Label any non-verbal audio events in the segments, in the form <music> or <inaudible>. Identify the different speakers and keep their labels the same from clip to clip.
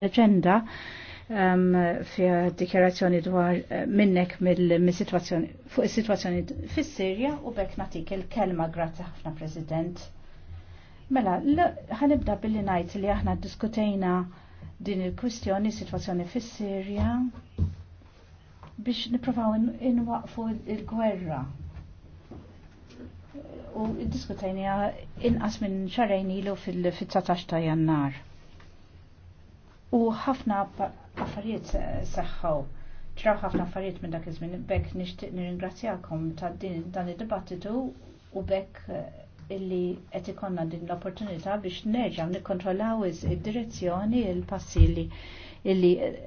Speaker 1: l-agenda um, fi fija dikjarazzjoni dwar eh, minnek mill-situazzjoni fuq is-situazzjoni fis-Sirja u bekk natik il-kelma grazzi ħafna President. Mela, ħanibda billi ngħid li aħna diskutejna din il-kwistjoni situazzjoni fis-Sirja biex niprofaw inwaqfu il-gwerra u diskutejna inqas minn xarajn ilu fil-19 ta' jannar u ħafna affarijiet eh, seħħaw ċraw ħafna affarijiet minn dak iż-żmien bekk nixtieq nirringrazzjakom ta' din dan id-dibattitu u bekk eh, illi qed ikonna din l-opportunità biex nerġa' nikkontrollaw id-direzzjoni il-passi illi eh,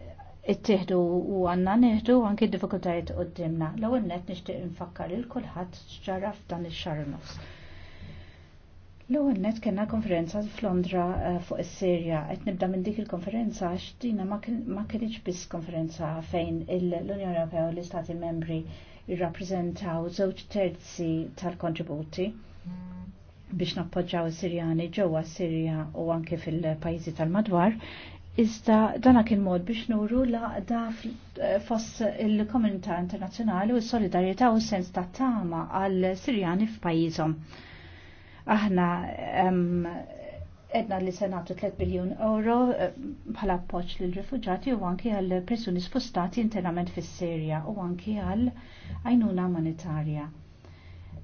Speaker 1: ittieħdu u għanna neħdu anke d-difikultajiet qoddimna. L-ewwel nett nixtieq infakkar il kulħadd x'ġara f'dan ix-xahar nofs. L-ewwel net kellna konferenza f'Londra eh, fuq is-Sirja qed nibda minn dik il-konferenza għax dina ma kienx biss konferenza fejn l-Unjoni Ewropea u l-Istati Membri jirrappreżentaw żewġ terzi tal-kontributi biex nappoġġaw is-Sirjani ġewwa Sirja u anke fil-pajjiżi tal-madwar. Iżda dana kien mod biex nuru laqda fost il-komunità internazzjonali u s-solidarjetà u s-sens ta' tama għal-Sirjani f'pajjiżhom. Aħna edna li senatu 3 biljon euro eh, bħala appoġġ l rifuġati u għanki għal persuni sfustati internament fis sirja u għanki għal għajnuna umanitarja.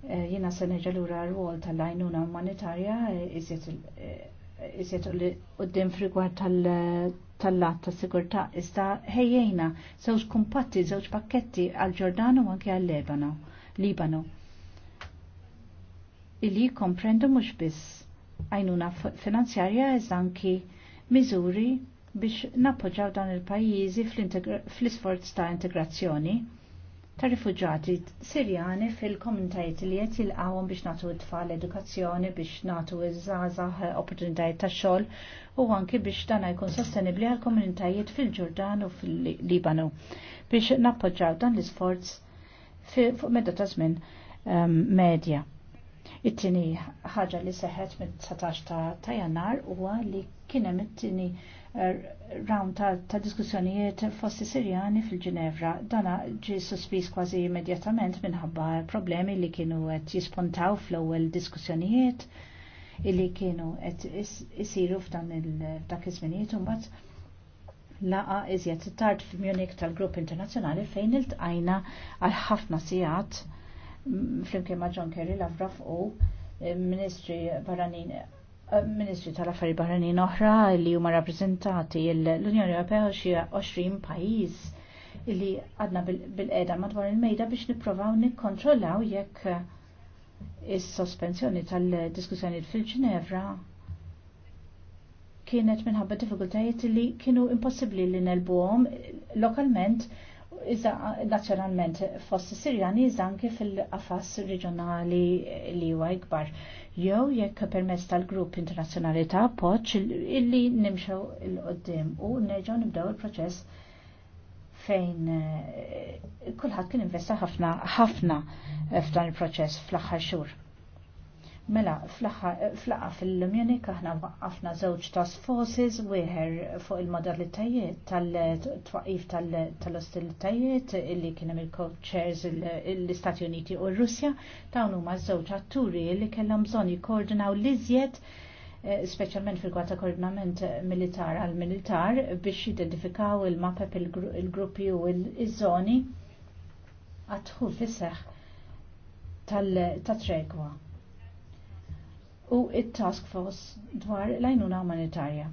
Speaker 1: Eh, Jena se neġa lura r-rwol tal-għajnuna umanitarja eh, iżiet u d frigwar tal- lat ta' sigurtà iżda ħejjena żewġ kumpatti, żewġ pakketti għal Ġordano u anke għal Libano illi jkomprendu mhux biss għajnuna finanzjarja eżanki miżuri biex nappoġġaw dan il-pajjiżi fl-isforz ta' integrazzjoni ta' rifugġati Sirjani fil-komunitajiet li qed jilqawhom biex nagħtu t-tfal edukazzjoni biex nagħtu iż-żgħażagħ opportunitajiet ta' xogħol u anki biex dan jkun sostenibbli għal komunitajiet fil-Ġordan u fil-Libanu biex nappoġġaw dan l-isforz fuq medda ta' żmien ehm, medja. It-tini ħaġa li seħet mit-19 ta' jannar huwa li kienem it-tini eh, round ta', diskussjonijiet fossi Sirjani fil-Ġinevra. Dana ġi suspis kważi immedjatament minħabba problemi li kienu qed jispontaw fl-ewwel diskussjonijiet illi kienu qed isiru f'dan il-dak iż-żminijiet mbagħad laqa iżjed tard f'Munich tal-Grupp Internazzjonali fejn iltqajna għal ħafna sigħat flimkien ma' John Kerry lavraf u eh, ministri barranin eh, Ministri tal-Affari Barranin oħra li huma rappresentati l-Unjoni Ewropea xi 20 pajjiż li għadna bil-qeda madwar il-mejda biex nipprovaw nikkontrollaw jekk eh, is-sospensjoni tal-diskussjoni fil-Ġinevra kienet minħabba diffikultajiet li kienu impossibbli li nelbuhom lokalment Iza, naturalment, fost Sirjani, iza fil-qafas regionali li huwa ikbar. Jew jekk permezz tal-grupp internazzjonali ta' appoġġ illi nimxew il-qoddim u nerġgħu nibdew il-proċess fejn eh, kulħadd kien investa ħafna ħafna eh, f'dan il-proċess fl-aħħar xhur. Mela, flaqqa fil-Munich aħna waqqafna żewġ task forces wieħed fuq il-modalitajiet tal-twaqif tal-ostilitajiet illi kien hemm il-co-chairs l-Istati Uniti u r-Russja dawn huma żewġ atturi li kellhom bżonn jikkoordinaw l-iżjed eh, speċjalment fil-gwata koordinament militar għal militar biex jidentifikaw il-mapep il-gruppi u il-żoni għadħu fisseħ tal-tregwa u il task force dwar l-għajnuna umanitarja.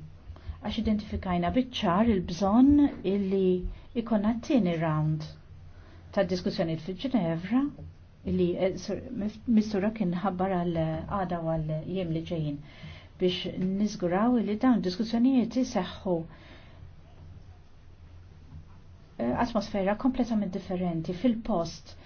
Speaker 1: Għax identifikajna bitċar il-bżon illi ikonna t-tini round ta' diskussjoni fil-ġenevra illi eh, mistura kien ħabbar għal-għada għal-jem li ġejjin biex nizguraw li dawn diskussjonijiet jiseħħu eh, atmosfera kompletament differenti fil-post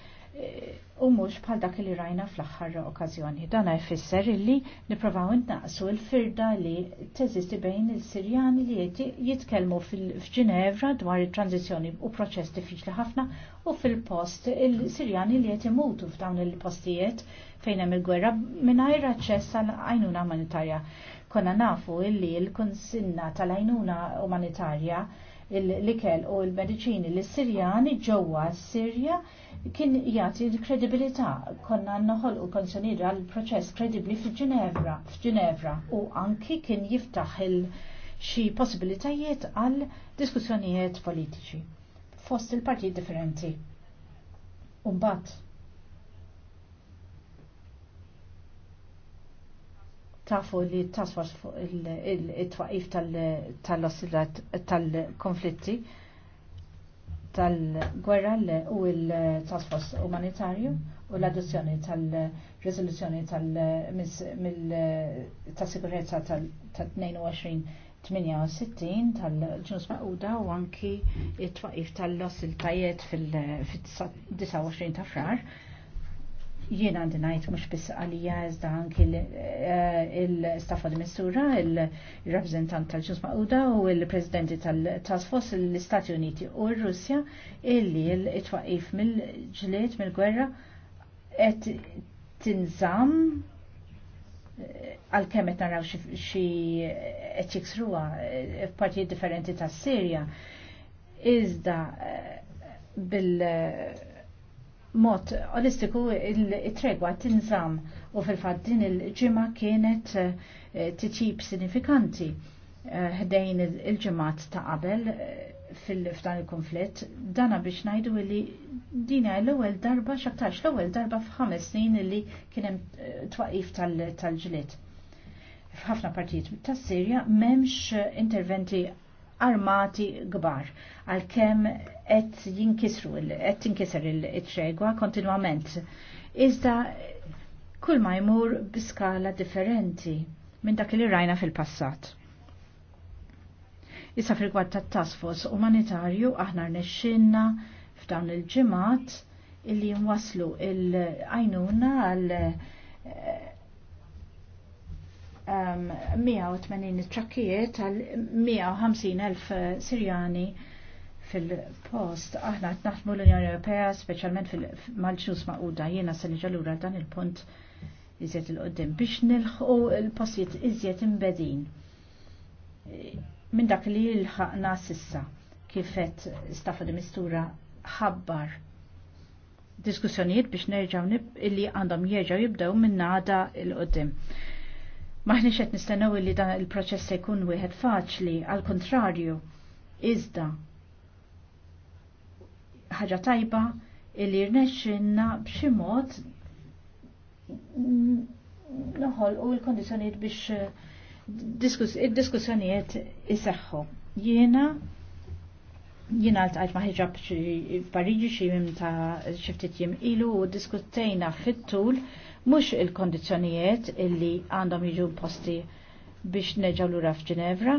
Speaker 1: u mhux bħal dak li rajna fl-aħħar okkażjoni. Dan jfisser illi nippruvaw intnaqsu l-firda li teżisti bejn il-Sirjani li jitkellmu f'Ġinevra dwar it-tranzizzjoni u proċess diffiċli ħafna u fil-post il-Sirjani li qed imutu f'dawn il-postijiet fejn hemm il-gwerra mingħajr aċċess għal għajnuna umanitarja. Konna nafu illi l-konsinna tal-għajnuna umanitarja l-ikel u l-medicini l-Sirjani ġewwa s-Sirja kien jagħti l-kredibilità konna u konsenir għal proċess kredibbli f'Ġinevra, f'Ġinevra u anki kien jiftaħ il xi possibilitajiet għal diskussjonijiet politiċi fost il-partijiet differenti. Umbat, tafu li taswas il-twaqif tal-konflitti tal-gwerra u l-tasfos umanitarju u l-adozzjoni tal-rezoluzzjoni tal-sigurezza tal-22-68 tal-ġnus maquda u anki it-twaqif tal-loss il-tajiet fil-29 ta' frar. Jien għandi ngħid mhux biss għalija iżda anki eh, l-staff mistura il-rappreżentant tal-ġus Mauda u l-presidenti tal-Tasfos l-Istati Uniti u r-Russja illi l-itwaqif mill-ġlied mill-gwerra qed tinżamm eh, għal-kemm qed naraw xi qed jiksruha eh, f'partijiet differenti tas-Sirja iżda bil- mod olistiku il-tregwa tinżam u fil-fat din il-ġimma kienet eh, titjib sinifikanti eh, ħdejn il-ġemat ta' qabel eh, fil-ftan il-konflitt, dana biex najdu li dina l-ewel darba, xaktax l-ewel darba f'ħames snin li kienem twaqif tal-ġlit. F'ħafna partijiet tas-Sirja memx interventi armati gbar għalkemm qed jinkisru qed jinkisru il-tregwa kontinwament. Iżda kull ma jmur b'iskala differenti minn dak li rajna fil-passat. Issa fil-gwad ta' tasfos umanitarju aħna rnexxinna f'dawn il ġimat illi jmwaslu il-għajnuna għal 180 eh, trakkijiet għal 150.000 Sirjani fil-post, aħna qed naħdmu l-Unjoni Ewropea, speċjalment mal-ġus maquda, jiena se niġa lura dan il-punt iżjed il-qoddim biex nilħu l-postijiet iżjed imbedin. Minn dak li l-ħaqna sissa kifet stafa di mistura ħabbar diskussjonijiet biex nerġaw illi għandhom jieġaw jibdew minn għada il-qoddim. Maħni qed nistennew illi dan il-proċess se jkun wieħed faċli, għal kontrarju, iżda ħaġa tajba illi rnexxinna b'xi mod noħolqu l-kondizzjonijiet biex eh, id-diskussjonijiet iseħħu. Jiena jiena għalt ma' ħiġab f'Pariġi xi jim ta' xi ftit jim ilu u diskutejna fit-tul mhux il-kondizzjonijiet illi għandhom jiġu posti biex neġaw lura f'Ġinevra,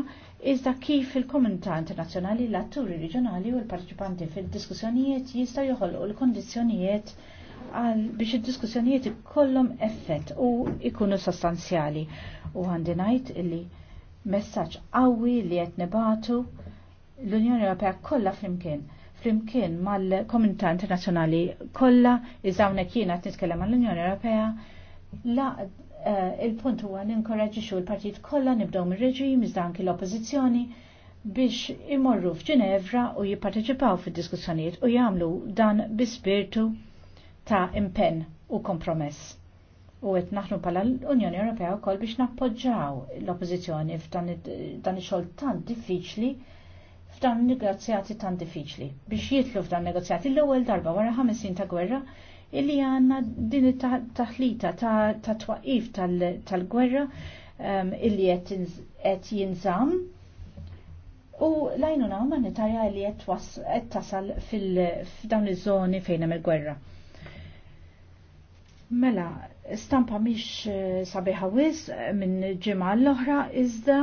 Speaker 1: iżda kif il-komunità internazzjonali, l-atturi reġjonali u l parċipanti fil-diskussjonijiet jistgħu joħolqu l-kondizzjonijiet biex id-diskussjonijiet ikollhom effett u ikunu sostanzjali. U għandi ngħid illi messaġġ qawwi li qed nibatu l-Unjoni Ewropea kollha flimkien flimkien mal-komunità internazzjonali kollha iżda hawnhekk jiena qed nitkellem mal unjoni Ewropea la Eh, il-punt huwa xu l-partit kollha nibdew mir-reġim iżda anki l-oppożizzjoni biex imorru f'Ġinevra u jipparteċipaw fid-diskussjonijiet u jagħmlu dan bi spirtu ta' impenn u kompromess. U qed naħnu bħala l-Unjoni Ewropea wkoll biex nappoġġaw l-oppożizzjoni f'dan ix-xogħol tant diffiċli f'dan negozjati tant diffiċli biex jitlu f'dan negozjati l-ewwel darba wara ħames ta' gwerra illi għanna din taħlita ta' twaqif tal-gwerra um, illi qed jinżam u lajnuna umanitarja illi qed tasal f'dawn iż-żoni fejn hemm il-gwerra. Mela, stampa mhix eh, sabiħa wis eh, minn ġimgħa l-oħra iżda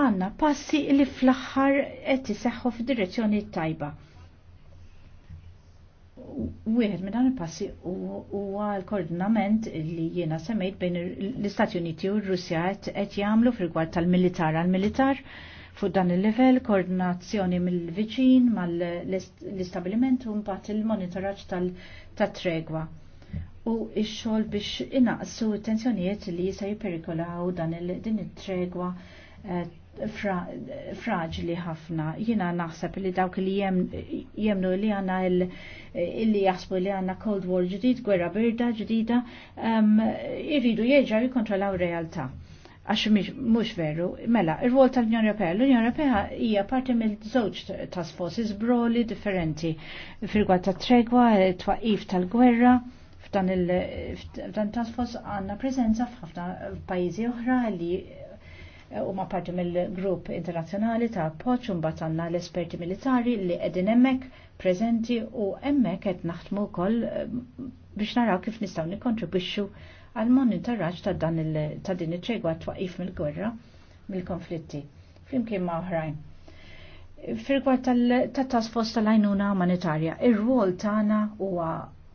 Speaker 1: għanna passi li fl aħħar qed iseħħu f'direzzjoni tajba. Wieħed minn dan il-passi huwa l-koordinament li jiena semmejt bejn l-Istati Uniti u r-Russja qed jagħmlu f'rigward tal-militar għal-militar fuq dan il-level, koordinazzjoni mill-viċin mal-istabiliment u mbagħad il-monitoraġġ tat-tregwa. U x-xogħol biex inaqsu t-tensjonijiet li jista' jipperikolaw dan din it-tregwa eh, fra, fraġli ħafna. Jina naħseb li dawk li jemnu li għanna illi jasbu li għanna Cold War ġdid, gwerra birda ġdida, um, irridu jieġaw jikontrolaw realtà. Għax mux veru, mela, il-rwol tal-Unjoni Europea, L-Unjoni Europea hija parti mill-żewġ task forces broli differenti fil-gwad ta' tregwa, twaqif tal-gwerra f'dan il-task force għanna prezenza f'ħafna pajjiżi oħra li huma eh, parti mill-grupp internazzjonali ta' appoġġ u mbagħad għandna l-esperti militari li qegħdin hemmhekk preżenti u hemmhekk qed naħdmu wkoll eh, biex naraw kif nistgħu nikkontribwixxu għal monitoraġġ ta' dan ta' din iċ-ċegwa twaqif mill-gwerra mill-konflitti flimkien ma' oħrajn. Firgwar tal-task force tal-għajnuna umanitarja, ir-rwol tagħna huwa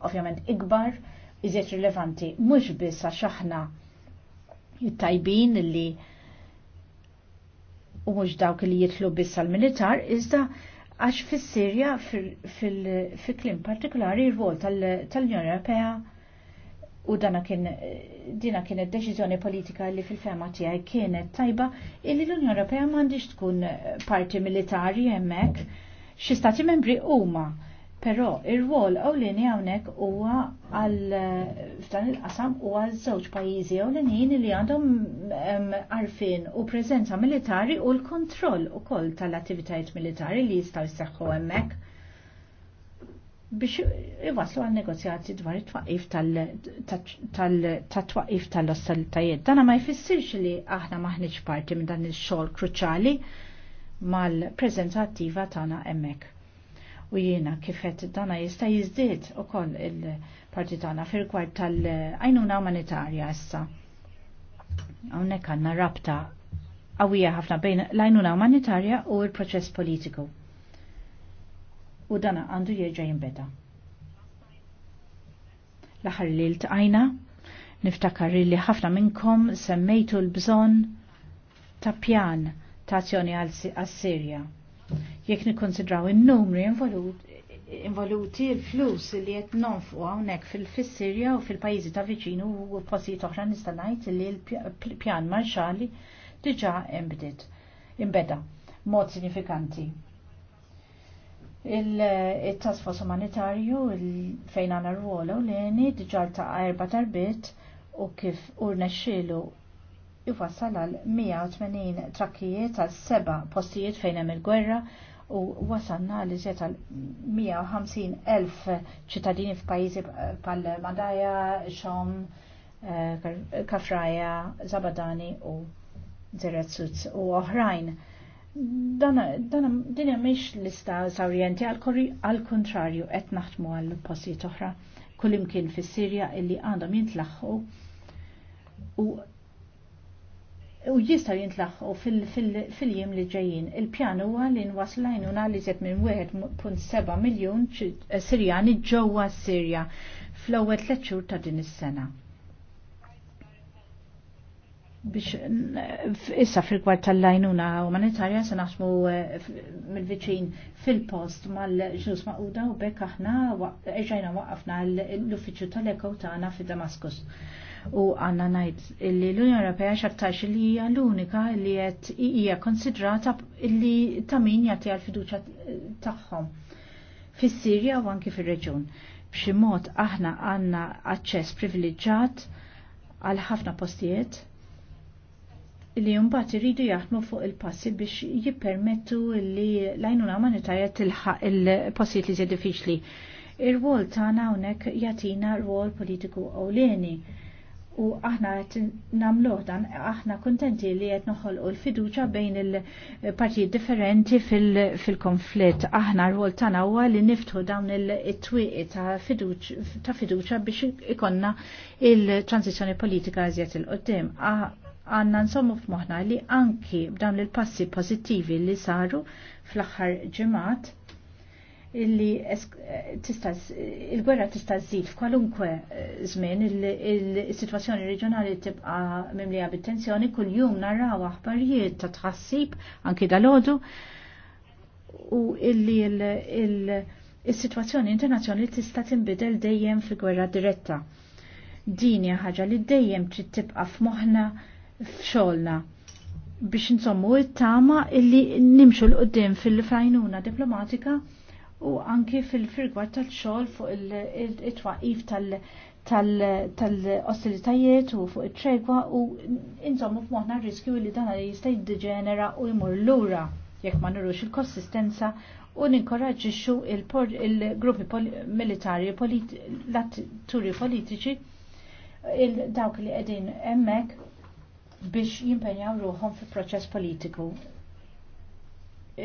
Speaker 1: ovvjament ikbar, iżjed rilevanti mhux biss għax aħna it-tajbin li u mhux dawk li jitlu biss għal-militar, iżda għax fis-Sirja fil-klim partikolari r-vol tal-Unjoni Ewropea u dana kien dina kienet deċiżjoni politika li fil-fema tiegħi kienet tajba illi l-Unjoni Ewropea m'għandix tkun parti militari hemmhekk xi stati membri huma Però ir-rwol ewlieni hawnhekk huwa għal f'dan il-qasam huwa żewġ pajjiżi ewlenin li għandhom għarfien u preżenza militari u l-kontroll ukoll tal-attivitajiet militari li jistgħu jseħħu hemmhekk biex iwaslu għal negozjati dwar it-twaqif tal-twaqif tal-ostalitajiet. Dana ma jfissirx li aħna maħniċ parti minn dan il-xogħol kruċali mal prezenza attiva tagħna hemmhekk u jiena kifet dana jista' jiżdied ukoll il parti tana fil-kwart tal-għajnuna umanitarja issa. Hawnhekk għandna rabta qawwija ħafna bejn l-għajnuna umanitarja u l-proċess politiku. U dana għandu jerġa' jinbeda. L-aħħar li l-tqajna niftakar li ħafna minnkom semmejtu l-bżon ta' pjan ta' azzjoni għal-Sirja. Jekk nikkonsidraw in-numri involuti l-flus li qed nonfu hawnhekk fil-Sirja u fil-pajjiżi ta' viċinu u postijiet oħra nista' ngħid li l-pjan marxali diġà imbedit, imbeda mod sinifikanti. Il-tasfos umanitarju fejn għana rwolu l-eni l ta' erba tarbiet u kif urna xilu jufassal għal 180 trakkijiet għal seba postijiet fejn hemm il-gwerra u wasalna li zjet għal 150.000 ċittadini f'pajjiżi bħal Madaja, Xom, eh, Kafraja, Zabadani u Zeretsuz u oħrajn. Dan din mhix lista sawrienti għal kontrarju qed naħdmu għal postijiet oħra kullimkien fis-Sirja illi għandhom jintlaħħu u u jistaw jintlaħħu fil-jiem li ġejjin. Il-pjan huwa li nwaslajn u naliżet minn 1.7 miljon eh, Sirjani ġewwa Sirja fl-ewwel tliet xhur ta' din is-sena. Biex eh, issa fil-kwart tal-lajnuna umanitarja se naħsmu eh, mill-viċin fil-post mal-ġnus maquda u bekk aħna eġajna waqafna l-uffiċċju tal-ekaw tagħna fi Damaskus u għanna najt li l-Unjoni Ewropea xartax li hija l-unika li qed hija konsidrata li ta' min jagħti għall fiduċja tagħhom fis-Sirja u anki fir-reġjun. B'xi mod aħna għandna aċċess privileġġjat għal ħafna postijiet li jumbat iridu jaħdmu fuq il-passi biex jippermettu li lajnuna umanitarja tilħaq il postijiet li zed fiċli. Ir-rwol tagħna hawnhekk jagħtina rwol politiku ewleni U aħna qed nagħmluh dan, aħna kuntenti li qed noħolqu l-fiduċja bejn il-partijiet differenti fil-konflitt. Aħna rwol tagħna huwa li niftħu dawn it-twieqi ta' fiduċja biex ikonna il-tranzizzjoni politika iżjed il-qoddim. Għanna nsommu f'moħħna li anki b'dawn il-passi pożittivi li saru fl-aħħar ġimgħat illi il-gwerra tista' żid f'kwalunkwe eh, żmien il-sitwazzjoni reġjonali tibqa' mimlija bit-tensjoni kuljum narraw aħbarijiet ta' tħassib anki dalodu u illi il-sitwazzjoni internazzjonali tista' tinbidel dejjem fi gwerra diretta. Din hija ħaġa li dejjem trid tibqa' f'moħħna f'xogħolna biex insommu it-tama illi nimxu l-qoddim fil-fajnuna diplomatika u anki fil fuq il-twaqif tal-xol fuq il-twaqif tal-ostilitajiet u fuq it-tregwa u inżommu f'moħna riskju li dan jista' degenera u jmur lura jekk ma nurux il-konsistenza u ninkoraġġixxu il-gruppi militari l-atturi politiċi dawk li qegħdin hemmhekk biex jimpenjaw ruħhom fil proċess politiku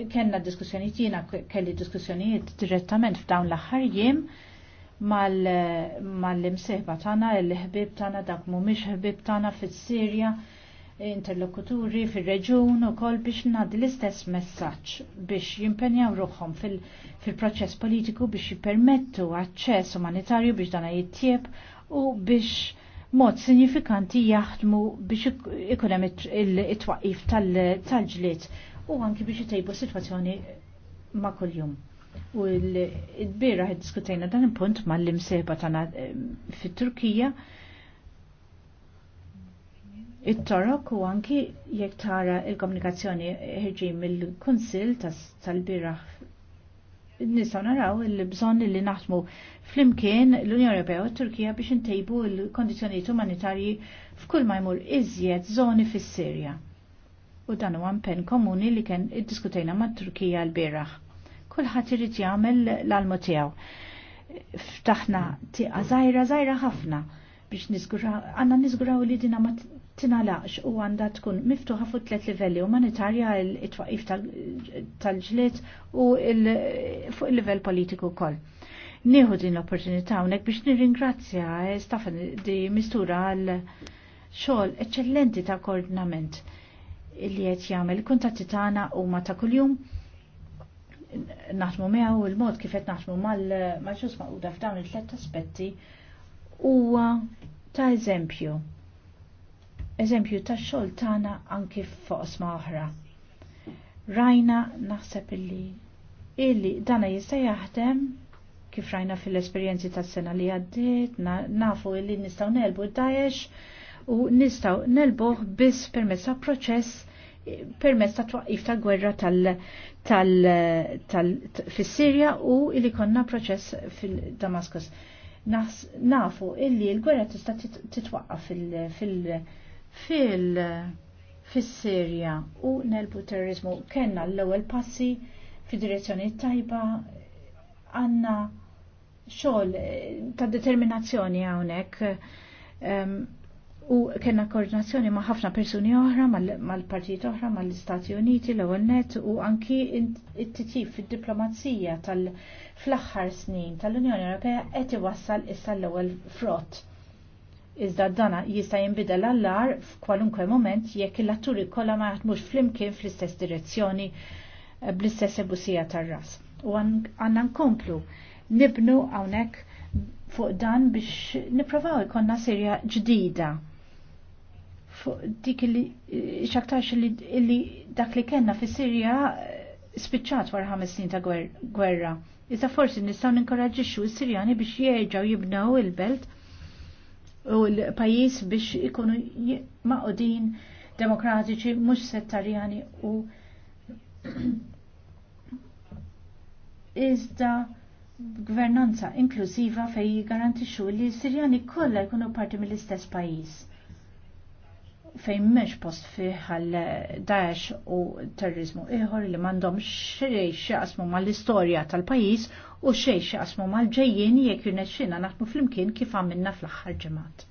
Speaker 1: kena diskussjoni jiena kelli diskussjonijiet direttament f'dawn l-aħħar jiem mal-imsieħba mal tagħna l-ħbib tagħna dak mhumiex ħbib tagħna fis-Sirja interlokuturi fil-reġun u kol biex nad l-istess messaċ biex jimpenjaw ruħom fil-proċess politiku biex jipermettu għacċess umanitarju biex dana jittieb u biex mod sinifikanti jaħdmu biex ikunem it-twaqif tal-ġlit. Tal u anki biex jtejbu situazzjoni ma' kuljum. U l-bira id diskutejna dan il-punt ma' l-imseba tana fit-Turkija it-torok u anki jekk tara il-komunikazzjoni ħirġin mill-Kunsil tal-biraħ nisaw naraw il-bżon li naħdmu flimkien l-Unjoni Ewropea u Turkija biex intejbu l kondizjoni umanitarji f'kull ma jmur iżjed zoni fis-Sirja u dan huwa impenn komuni li kien iddiskutejna mat-Turkija l-bieraħ. Kulħadd irid jagħmel l-almu tiegħu. Ftaħna tieqa zaħira, zaħira ħafna biex għanna għandna niżguraw li dina ma tinalaqx u għandha tkun miftuħa fuq tliet livelli umanitarja il twaqif tal-ġlied u fuq il-livell politiku wkoll. Nieħu din l-opportunità hawnhekk biex nirringrazzja Stefan di mistura għal xogħol eċċellenti ta' koordinament illi qed jagħmel kuntatti tagħna huma ta' kuljum naħdmu miegħu l mod kif qed naħdmu mal-ġus maquda f'dawn it tlet aspetti huwa ta' eżempju. Eżempju ta' xogħol tagħna anki f'oqsma oħra. Rajna naħseb illi illi dana jista' jaħdem kif rajna fil-esperjenzi tas-sena li għaddiet, nafu illi nistgħu nelbu d-Daesh u nistgħu nelbuh biss permezz ta' proċess permezz ta' twaqif ta' gwerra tal, tal, tal, fis-Sirja u li konna proċess fil-Damaskus. Nafu illi l-gwerra tista' titwaqqaf fil- fil- fis-Sirja u nelbu terrorizmu kellna l-ewwel passi fid-direzzjoni tajba għandna xogħol ta' determinazzjoni hawnhekk u kena koordinazzjoni ma' ħafna persuni oħra, mal-partijiet mal oħra, mal-Istati Uniti, l ewwel net u anki it titif fil fil-diplomazija fl aħħar snin tal-Unjoni Ewropea qed iwassal issa l-ewwel frott. Iżda dana jista' jinbidel allar f'kwalunkwe moment jekk il-atturi kollha ma jaħdmux flimkien fl-istess direzzjoni eh, bl-istess ebusija tar-ras. U għandna nkomplu nibnu hawnhekk fuq dan biex nipprovaw ikonna serja ġdida fuq dik li xaktarx li dak li kena fi Sirja eh, spiċċat wara ħames snin ta' gwerra. Iżda forsi nistgħu ninkoraġġixxu s-Sirjani biex jerġgħu jibnew il-belt u l-pajjiż biex ikunu maqodin demokratiċi mhux settarjani u <clears throat> iżda gvernanza inklużiva fej jigarantixxu li s-Sirjani kollha jkunu parti mill-istess pajjiż fejn mhux post fih għal Daesh u terrorizmu ieħor li m'għandhom xejn xaqsmu mal-istorja tal-pajjiż u xejn xaqsmu mal-ġejjin jekk jirnexxina naħdmu flimkien kif għamilna fl-aħħar ġimgħat.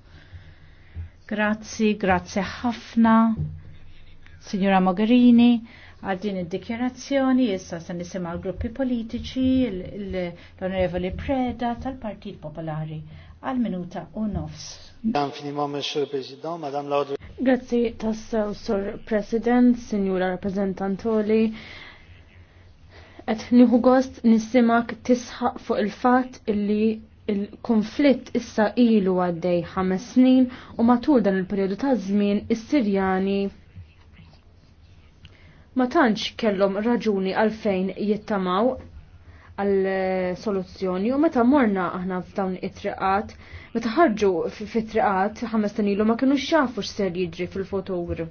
Speaker 1: Grazzi, grazzi ħafna, Signora Mogherini għal din id-dikjerazzjoni issa se nisimgħu l-gruppi politiċi l-Onorevoli Preda tal-Partit Popolari għal minuta u nofs.
Speaker 2: Dan fini moment, President, Madam Laudre.
Speaker 1: Grazzi tassew,
Speaker 3: Sur President, Sinjura Rappresentantoli. Et nieħu gost nisimak tisħaq fuq il-fat illi il-konflitt issa ilu għaddej ħames snin u matul dan il-periodu ta' żmien is-Sirjani ma tantx kellhom raġuni għalfejn jittamaw għal soluzzjoni u meta morna aħna f'dawn it-triqat meta ħarġu fit-triqat ħames tanilu ma kienu xafu x'ser jiġri fil-fotur.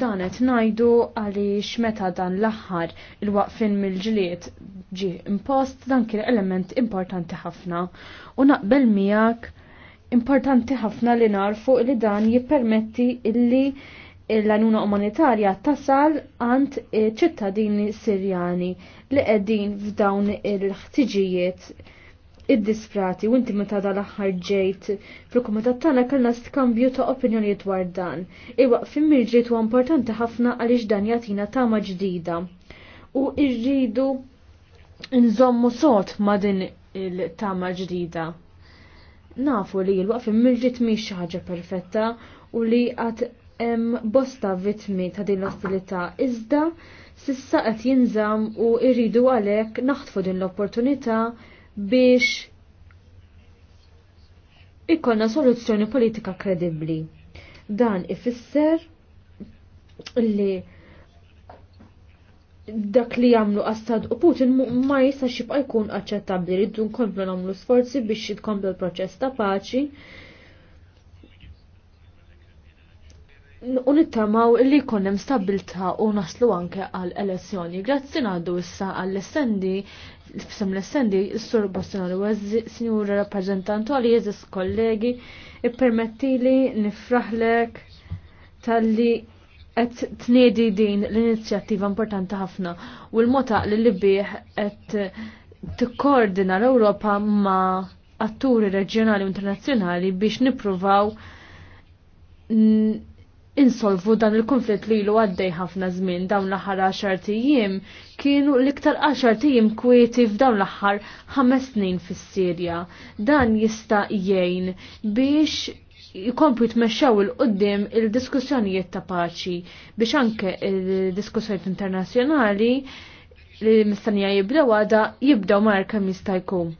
Speaker 3: Dan qed ngħidu għaliex meta dan l-aħħar il-waqfin mill-ġlied ġi impost dan kien element importanti ħafna u naqbel miegħek importanti ħafna li narfu li dan jippermetti illi l-għanuna umanitarja tasal għand ċittadini sirjani li qegħdin f'dawn il-ħtiġijiet id-disprati u inti meta dal aħħar ġejt fil-kumitat tagħna kellna skambju ta' opinjoni dwar dan. Iwa fimmirġiet huwa importanti ħafna għaliex dan jagħtina tama ġdida. U rridu nżommu sot ma' din il-tama ġdida. Nafu li l-waqf immirġiet mhix ħaġa perfetta u li għad hemm bosta vitmi ta' din l-ostilità iżda sissa qed jinżamm u rridu għalhekk naħtfu din l-opportunità biex ikkonna soluzzjoni politika kredibbli. Dan ifisser li dak li jamlu għastad u Putin ma jista xibqa jkun aċċettabli li dun komplu namlu sforzi biex jitkomplu l-proċess ta' paċi. U nittamaw li jkun stabilta u naslu anke għal elezzjoni. Grazzi naddu issa għall essendi f'sem l-essendi, s-sur Bostonari, s signora rappresentantu għalli jeżis kollegi, i-permetti li nifraħlek tal-li għet t-nedi din l-inizjattiva importanti ħafna u l-mota li li bieħ għet t-koordina l-Europa ma atturi reġjonali u internazzjonali biex nipruvaw insolvu dan il-konflitt li lu għaddej ħafna żmien dawn l-aħħar 10 tijiem kienu l-iktar 10 tijiem kwieti f'dawn l-aħħar 5 snin fis-Sirja. Dan jista' jgħin biex jkomplu tmexxew il-qoddim il-diskussjonijiet ta' paċi biex anke il-diskussjonijiet internazzjonali li mistennija jibdew għada jibdew mar kemm jista' jkun.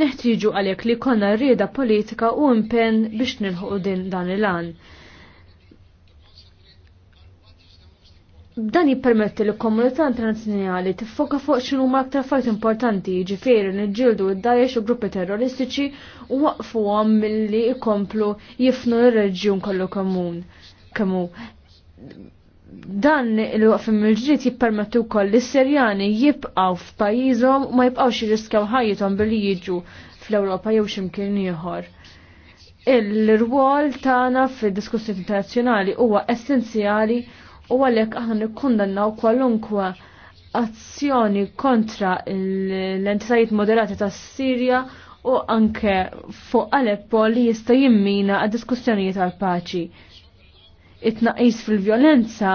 Speaker 3: Neħtiġu għalhekk li konna rrieda politika u impenn biex nilħu din dan il-għan. Dan jippermetti li komunità internazzjonali tiffoka fuq x'inhu aktar fajt importanti, jiġifieri niġġieldu id-Daesh u gruppi terroristiċi u waqfuhom milli jkomplu jifnu r-reġjun kollu komun. Kemmu dan il-waqfim il-ġdid jippermettu wkoll li s-Serjani jibqgħu f'pajjiżhom u ma jibqgħux jirriskjaw ħajjithom billi jiġu fl-Ewropa jew x'imkien ieħor. Il-rwol tagħna fid-diskussjoni internazzjonali huwa essenzjali u għalhekk aħna nikkundannaw kwalunkwe azzjoni kontra l-entitajiet moderati tas Sirja u anke fuq Aleppo li jista' jimmina għad diskussjonijiet għal paċi it-naqis fil-violenza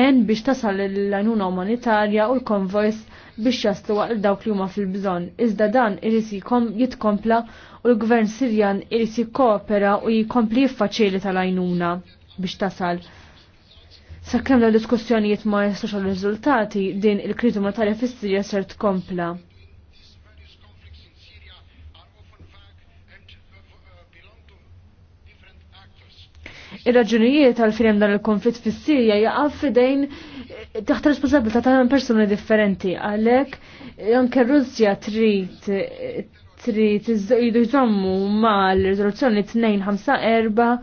Speaker 3: en biex tasal l-għajnuna umanitarja u l-konvojs biex jaslu għal dawk li huma fil-bżonn. Iżda dan irid jitkompla u l-gvern Sirjan irid jikkoopera u jikompli jiffaċili tal-għajnuna biex tasal. Sakkemm l-diskussjonijiet ma jaslux għal riżultati din il kritu matarja fis-Sirja ser tkompla. Ir-raġunijiet għal firjem dan il-konflitt fis-Sirja jaqaf fidejn taħt responsabilità ta' persuni differenti għalhekk anke Russja trid trid jridu jżommu mal-riżoluzzjoni 254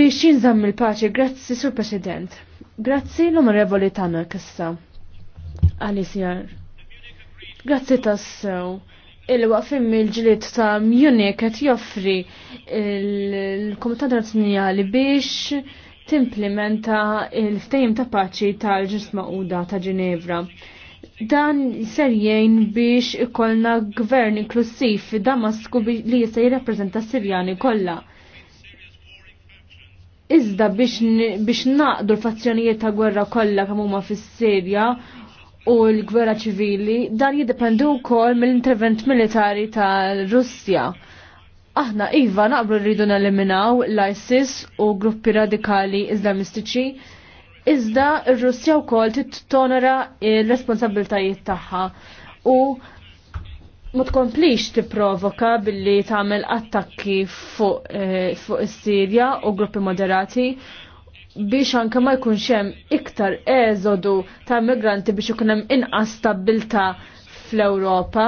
Speaker 3: biex jinżamm il-paċi. Grazzi, Sur President. Grazzi l-Onorevoli Tanner kissa. Għalisjar. Grazzi tassew il-waqfim il-ġlit ta' Munich qed joffri il-Komitat Nazzjonali biex timplementa il-ftehim ta' paċi tal-ġust maquda ta' Ġinevra. Dan ser jgħin biex ikollna gvern inklusiv fi Damasku li jista' jirrappreżenta Sirjani kollha. Iżda biex, biex naqdu l-fazzjonijiet ta' gwerra kollha kemm huma fis-Sirja u l-gwerra ċivili dan jiddependu wkoll mill-intervent militari tal-Russja. Aħna iva naqblu rridu neliminaw l-ISIS u gruppi radikali islamistiċi, iżda r-Russja wkoll tittonora il-responsabiltajiet tagħha u ma tkomplix tipprovoka billi tagħmel attakki fuq, eh, fuq is-Sirja u gruppi moderati biex anke ma jkunx hemm iktar eżodu ta' migranti biex ikun hemm inqas stabilta fl-Ewropa.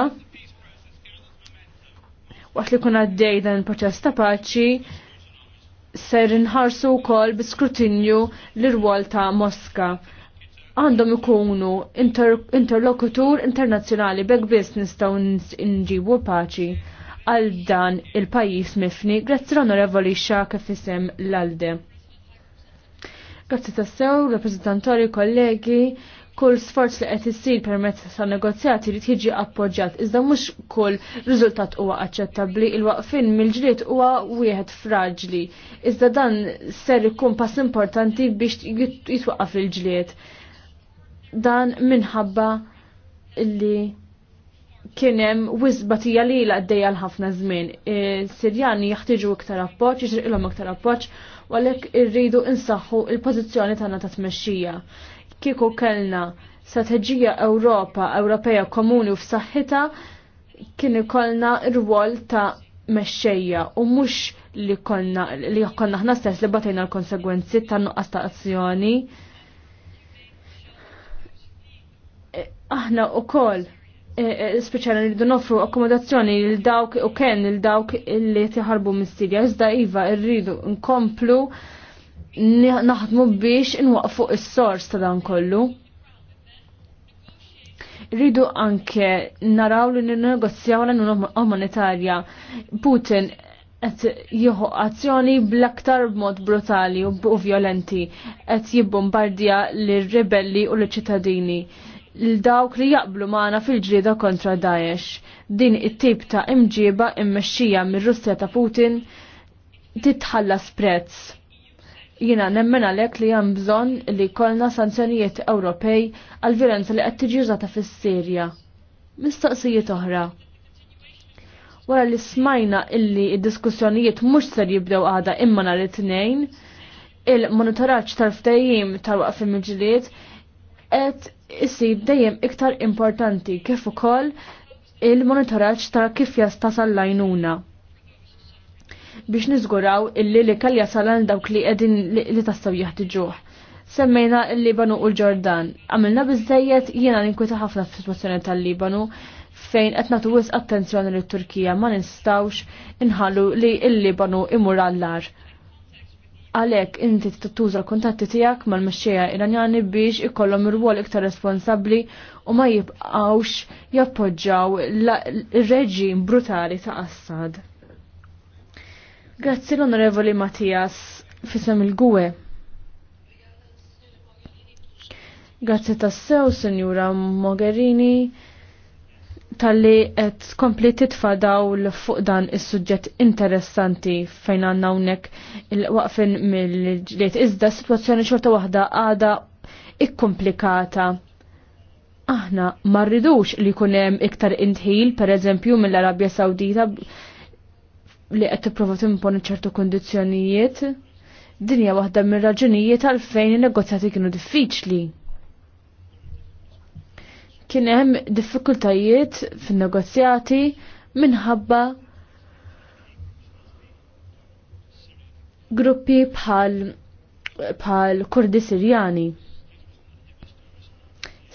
Speaker 3: Waqt li kun għaddej dan il-proċess ta' paċi, ser inħarsu wkoll bi skrutinju l-irwol ta' Moska. Għandhom ikunu inter interlokutur internazzjonali bek biss nistgħu nġibu paċi għal dan il-pajjiż mifni grazzi l-Onorevoli Xhaka fisem l-Alde. Grazzi tassew, rappresentantori, kollegi, kull sforz li qed isir permezz ta' negozjati li tiġi appoġġjat iżda mhux kull riżultat huwa aċċettabbli il-waqfin mill-ġlied huwa wieħed fraġli. Iżda dan ser ikun pass importanti biex jitwaqaf il-ġlied. Dan minħabba li kien hemm wisbatija lila għaddejja l-ħafna żmien. E, Sirjani jaħtiġu iktar appoġġ, jiġri ilhom iktar appoġġ u irridu insaħħu il-pożizzjoni tagħna ta' tmexxija. Kieku kellna strateġija Ewropa Ewropea komuni u f'saħħitha kien ikollna r-rwol ta' mexxejja u mhux li konna li konna ħna stess li batejna l-konsegwenzi ta' nuqqas ta' azzjoni. E, aħna wkoll speċjali rridu noffru akkomodazzjoni lil dawk u kien lil dawk li tiħarbu minn Sirja. Iżda iva rridu nkomplu naħdmu biex inwaqfu is-sors ta' dan kollu. Rridu anke naraw li ninnegozjaw l umanitarja. Putin qed jieħu azzjoni bl-aktar mod brutali u violenti qed jibbombardja lir-rebelli u l-ċittadini l-dawk li jaqblu maħna fil-ġrida kontra Daesh. Din it-tip ta' imġiba immexxija mir russja ta' Putin titħallas sprezz. Jina nemmen għalek li hemm bżonn li kolna sanzjonijiet Ewropej għal violenza li qed tiġi użata fis-Sirja. Mistaqsijiet oħra. Wara li smajna illi id-diskussjonijiet mhux ser jibdew għada imma nhar it-tnejn, il-monitoraġġ tal-ftehim tal-waqf il qed isib dejjem iktar importanti kif ukoll il-monitoraġġ ta' kif jastasal lajnuna biex niżguraw illi li kalja salan dawk li qegħdin li tassew jaħtiġuh. Semmejna l-Libanu u l-Ġordan. Għamilna biżejjed jiena ninkwita ħafna fis-sitwazzjoni tal-Libanu fejn qed nagħtu attenzjoni lit-Turkija ma ninstawx inħallu li l-Libanu imur għall-lar għalek inti tuża l-kontatti tijak mal-mexxejja iranjani biex ikollhom ir wol iktar responsabbli u ma jibqawx jappoġġaw il-reġim brutali ta' Assad. Grazzi l-Onorevoli Mattias fisem il-Gwe. Grazzi tassew, Signora Mogherini tal-li qed kompli titfa' dawl fuq dan is-suġġett interessanti fejn għandna hawnhekk il-waqfin mill-ġlied. Iżda s-sitwazzjoni xorta waħda għada ikkomplikata. Aħna ma rridux li jkun hemm iktar intħil, pereżempju mill-Arabja Sawdita li qed tipprova timponi ċertu kondizjonijiet. Dinja waħda mir-raġunijiet għalfejn in-negozjati kienu diffiċli kien hemm diffikultajiet fin-negozjati minħabba gruppi bħal bħal Kurdi Sirjani.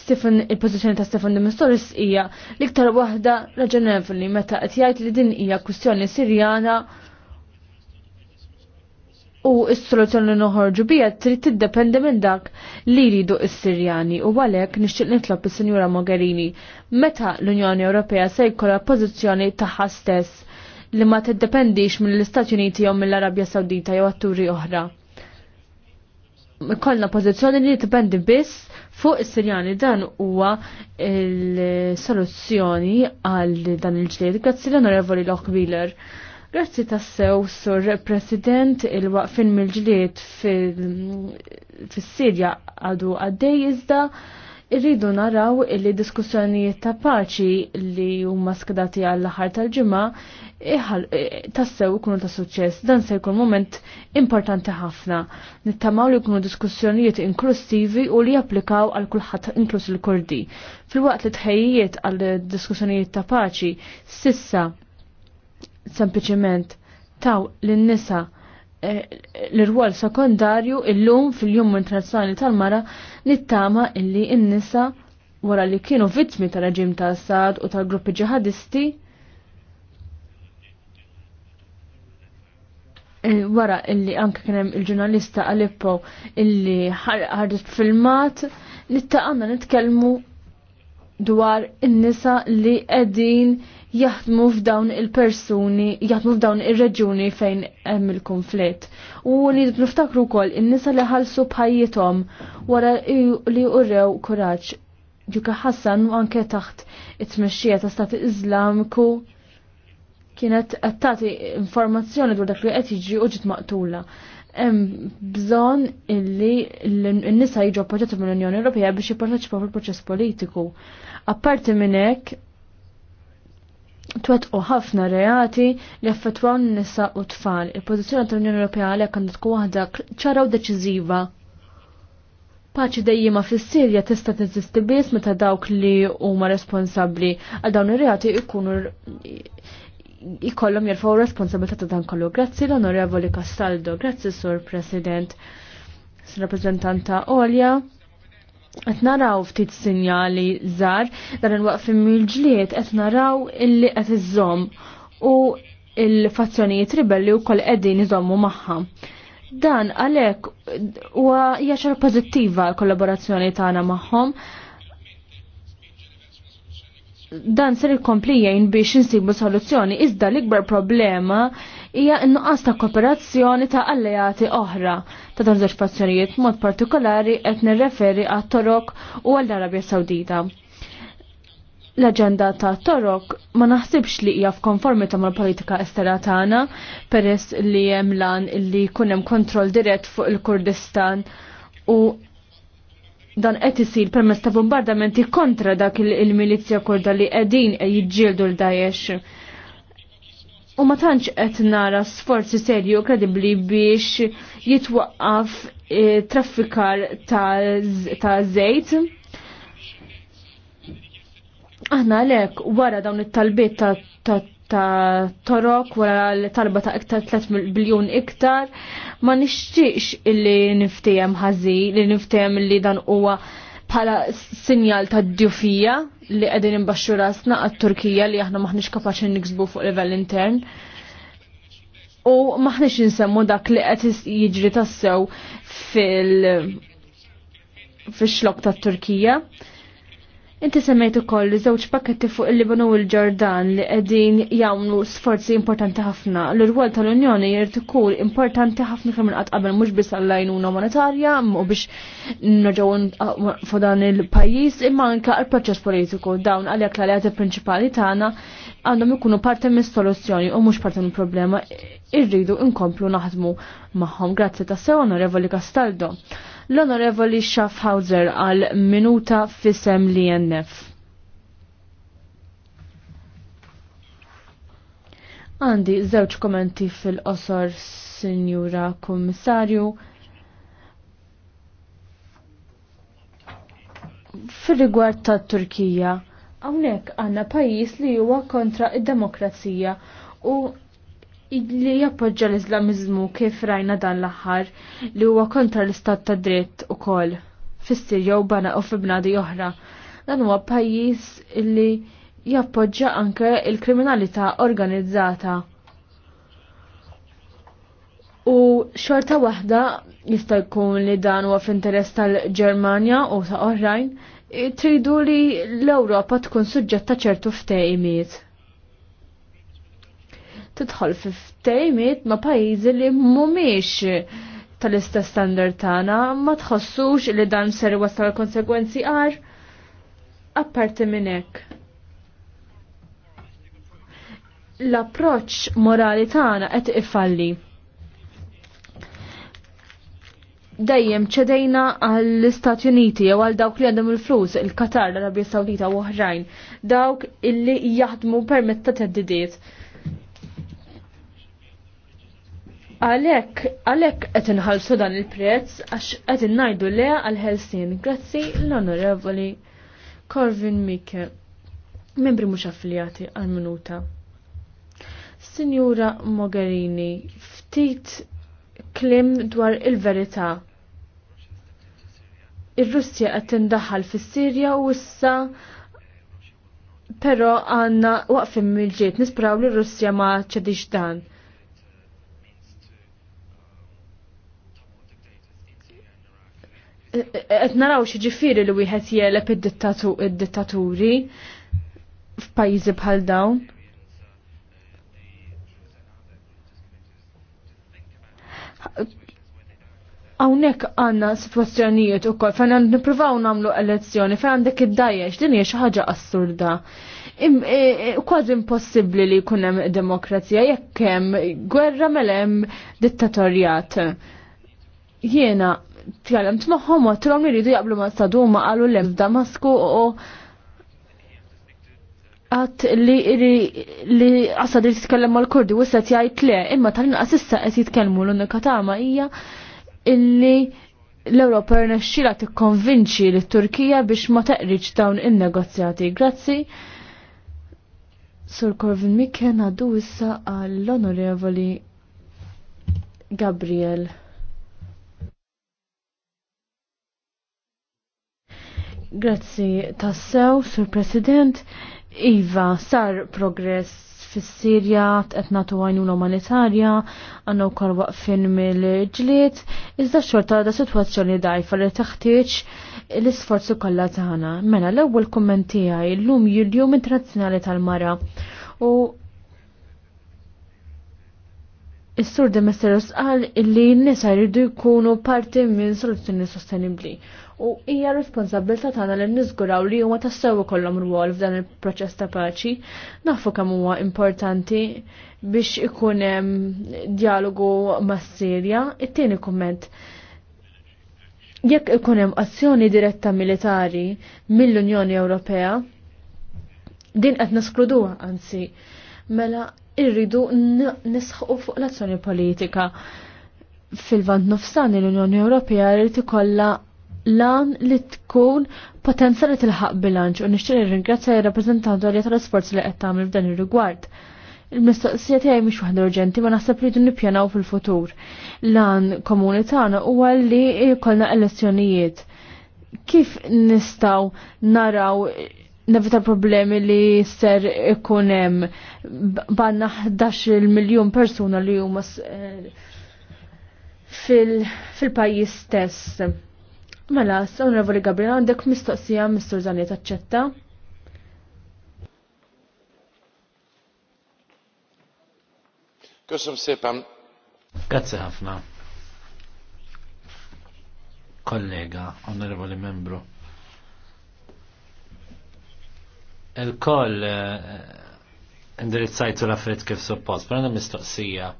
Speaker 3: Stefan, il pożizzjoni ta' Stefan de Mistoris hija l-iktar waħda raġonevoli meta qed jgħid li din hija kwistjoni Sirjana u s-soluzzjoni noħorġu bija trid tiddependi minn dak li jridu s-Sirjani u għalhekk nixtieq nitlob is-Sinjura Mogherini meta l-Unjoni Ewropea se jkollha pożizzjoni tagħha stess li ma tiddependix mill-Istati Uniti jew mill-Arabja Sawdita jew atturi oħra. Kollna pożizzjoni li tipendi biss fuq is-Sirjani dan huwa l soluzzjoni għal dan il ġdid Grazzi l-Onorevoli Wheeler. Grazzi tassew, Sur President, il-waqfin mill-ġliet fil-Sirja għadu għaddej iżda irridu naraw li diskussjonijiet ta' paċi li huma skedati għall aħar tal-ġimgħa e, tassew ikunu ta' suċċess. Dan se jkun moment importanti ħafna. Nittamaw li jkunu diskussjonijiet inklusivi u li japplikaw għal kulħadd inkluż il-Kurdi. Fil-waqt li tħejjiet għal diskussjonijiet ta' paċi, sissa sempliciment taw l-nisa eh, l-rwol sekondarju il-lum fil-jum internazzjonali tal-mara nittama illi n-nisa wara li kienu vittmi tal-reġim ta' Assad u tal-gruppi ġihadisti eh, wara illi anka kienem il-ġurnalista Aleppo illi ħarġet filmat nittaqanna nitkellmu dwar in-nisa li qegħdin jaħdmu f'dawn il-persuni, jaħdmu f'dawn ir-reġuni fejn hemm il-konflitt. U li niftakru wkoll in-nisa li ħalsu bħajjithom wara li urrew kuraġġ. Ġuka Ħassan u anke taħt it-tmexxija ta' Stati Iżlamku kienet qed tagħti informazzjoni dwar dak li qed jiġi u ġiet maqtula. Hemm bżonn illi n-nisa jiġu appoġġjati mill-Unjoni Ewropea biex jipparteċipaw fil-proċess politiku. Apparti minn hekk, twet u ħafna reati li affettwaw n-nisa u tfal. Il-pozizjoni tal-Unjoni Ewropea għalhekk għandu tkun waħda ċara u deċiżiva. Paċi dejjima fis-Sirja tista' teżisti biss meta dawk li huma responsabbli għal dawn ir-reati jkunu jkollhom jerfgħu responsabilità ta' dan kollu. Grazzi l-Onorevoli Castaldo, grazzi Sur President, s-rappreżentanta Olja. Qed naraw ftit sinjali żgħar dan il-waqfim mill-ġlied qed naraw illi qed iżżomm u il-fazzjonijiet ribelli wkoll qegħdin iżommu magħha. Dan għalhekk huwa hija xar pożittiva l-kollaborazzjoni tagħna magħhom dan ser ikompli jgħin biex insibu soluzzjoni iżda l-ikbar problema hija n-nuqqas ta' kooperazzjoni ta' alleati oħra ta' dawn żewġ pazzjonijiet mod partikolari qed nirreferi għat torok u għall arabja Sawdita. L-aġenda ta' Torok ma naħsibx li hija ta' mal-politika estera tagħna peress li hemm lan li jkun hemm kontroll dirett fuq il-Kurdistan u dan qed isir permezz ta' bombardamenti kontra dak il-milizja kurda li qegħdin jiġġieldu l-Daesh u ma tantx qed nara sforzi serju kredibbli biex jitwaqqaf e, traffikar ta' żejt. Aħna għalhekk wara dawn it-talbiet ta' torok wara l-talba ta' iktar 3 biljun iktar ma nixtieqx illi niftijem ħażi li niftijem li dan huwa bħala sinjal ta' djufija li qegħdin imbaxxu rasna għat-Turkija li aħna maħniex kapaċi niksbu fuq livell intern. U maħniex insemmu dak li qed jiġri tassew fil fix-xlok tat-Turkija. Inti semmejt ukoll żewġ pakketti fuq il-Libanu u l-Ġordan li qegħdin jagħmlu sforzi importanti ħafna. L-irwol tal-Unjoni jrid ikun importanti ħafna kemm inqatt qabel mhux biss għall-għajnuna monetarja u biex nerġgħu dan il-pajjiż imma anke għall-proċess politiku dawn għalhekk l-alleati prinċipali tagħna għandhom ikunu parti mis-soluzzjoni u mhux parti mill-problema irridu inkomplu naħdmu magħhom. Grazzi tassew Onorevoli Castaldo. L-Onorevoli Schaffhauser għal minuta fissem li jennef. Għandi żewġ kommenti fil-qosor, Sinjura Kommissarju. Fil-rigward ta' Turkija, hawnhekk għandna pajjiż li huwa kontra id-demokrazija u li jappoġġa l-Islamizmu kif rajna dan l-aħħar li huwa kontra l-istat ta' dritt ukoll kol fissir u bana u fibnadi oħra. Dan huwa pajjiż li jappoġġa anke il-kriminalità organizzata. U xorta waħda jista' jkun li dan huwa f'interess tal-Ġermanja u ta' oħrajn, tridu li l-Ewropa tkun suġġetta ċertu ftehimiet tidħol fi ftejmiet ma' pajjiżi li mhumiex tal-istess standard tagħna ma tħossux li dan ser wasal konsegwenzi għar apparti minn hekk. L-approċċ morali tagħna qed ifalli. Dejjem ċedejna għall-Istati Uniti jew għal dawk li għandhom il-flus il-Katar, l-Arabja Sawdita u oħrajn, dawk illi jaħdmu permetta teddidiet. Ta Għalek, għalek qed inħallsu dan il-prezz għax qed innajdu leha għal Helsin. Grazzi l-Onorevoli Corvin Mike, membri mhux affiljati għal minuta. Sinjura Mogherini, ftit klim dwar il-verità. Ir-Russja qed tindaħħal fis-Sirja u issa però għandna waqfim mill-ġiet nisperaw li Russja ma ċedix dan. qed naraw xi li wieħed jeleb id-dittaturi f'pajjiżi bħal dawn. Hawnhekk għandna sitwazzjonijiet ukoll fejn għand nippruvaw nagħmlu elezzjoni fejn għandek id-dajjex din hija xi ħaġa assurda. E- e- e- kważi impossibbli li jkun hemm demokrazija jekk hemm gwerra mela hemm dittatorjat. Jiena tjallam magħhom u għattrom li jridu jaqblu ma' saduma qalu l f'Damasku u għat li li għasad li ma' l kurdi u s sat jgħajt le, imma tal-inqas għasissa qed jitkellmu l-unika ta' hija illi l-Ewropa rnexxila tikkonvinċi l turkija biex ma teqriġ dawn il negozjati Grazzi. Sur Corvin Mikke għaddu issa għall-Onorevoli Gabriel. Grazzi tassew, sur President. Iva, sar progress fis-Sirja qed nagħtu għajnuna umanitarja, għandna wkoll waqfin mill-ġlied, iżda xorta da sitwazzjoni dajfa li taħtieġ l-isforzu kollha tagħna. Mela l-ewwel kumment tiegħi llum jil-jum internazzjonali tal-mara u Is-sur Messeros qal illi n-nisa jridu jkunu parti minn soluzzjoni sostenibbli u hija responsabilta tagħna li niżguraw li huma tassew ikollhom rwol f'dan il-proċess ta' paċi. Nafu kemm huwa importanti biex ikun hemm dialogu mas Sirja. It-tieni kumment jekk ikun hemm azzjoni diretta militari mill-Unjoni Ewropea, din qed neskluduha anzi, mela irridu nisħu fuq l-azzjoni politika. Fil-vant nofsan l-Unjoni Ewropea rrid ikollha lan li tkun li tilħaq bilanċ u nixtieq nirringrazzja r-rappreżentant għalja tal-isforz li qed tagħmel f'dan ir-rigward. Il-mistoqsija tiegħi mhix waħda urġenti ma naħseb li jdu nippjanaw fil-futur. Lan komuni tagħna huwa li jkollna elezzjonijiet. Kif nistgħu naraw nevita problemi li ser ikun hemm banna 11 miljun persuna li huma eh, fil-pajjiż fil stess. Mela, Onorevoli Gabriel, għandek mistoqsija Mr. Zani, taċċetta?
Speaker 4: Kusum sepam. Grazie ħafna. Kollega, onorevoli membru. Il-koll eh, indirizzajtu l-affarijiet kif suppost, pranna mistoqsija.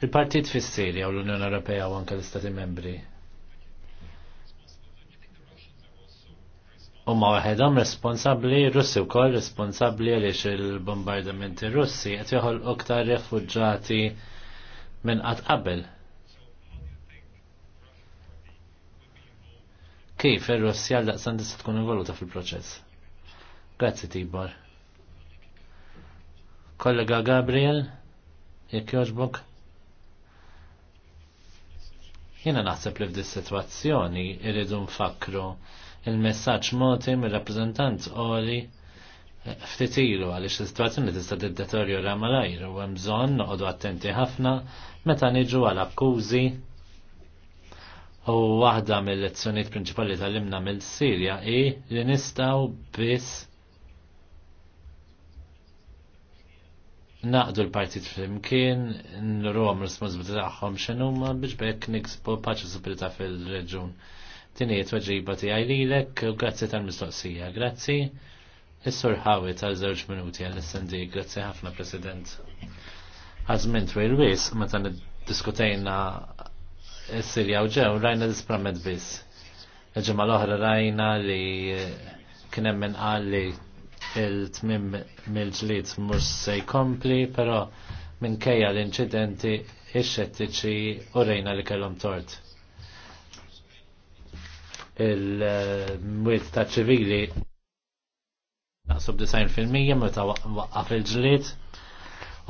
Speaker 4: Il-partit fissirja u l-Unjoni Ewropea u anke l-Istati Membri ma waħedhom responsabbli, Russi wkoll responsabbli għaliex il-bombardamenti Russi qed joħol iktar refuġġati minn għat qabel. Kif ir russi għal-daqsan tkun involuta fil-proċess? Grazzi Tibor. Kollega Gabriel, jekk joġbok? Jiena naħseb li f'dis sitwazzjoni irridu nfakru il-messaġġ moti mir-rappreżentant qoli ftit ilu għaliex is-sitwazzjoni tista' tiddeterjora malajr u hemm bżonn noqogħdu attenti ħafna meta niġu għal akkużi u waħda mill-lezzjonijiet prinċipali tal-imna mill-Sirja hi li nistgħu biss naqdu l-partit flimkien, n-rom taħħom tagħhom x'inhuma biex bekk niksbu paċi fil-reġun. Tini tweġiba tiegħi lilek u grazzi tal-mistoqsija. Grazzi. Is-sur ħawi tal żewġ minuti għall-SND, grazzi ħafna President. Għazmin twil wis, meta diskutejna s-Sirja u ġew, rajna disprament biss. Ġemma l-oħra rajna li kien hemm min qal li il-tmim mill-ġlid mhux se jkompli, minn minkejja l-inċidenti ix-xettiċi u rejna li kellhom tort. Il-mwiet ta' ċivili naqsub 90% meta waqqa il-ġlid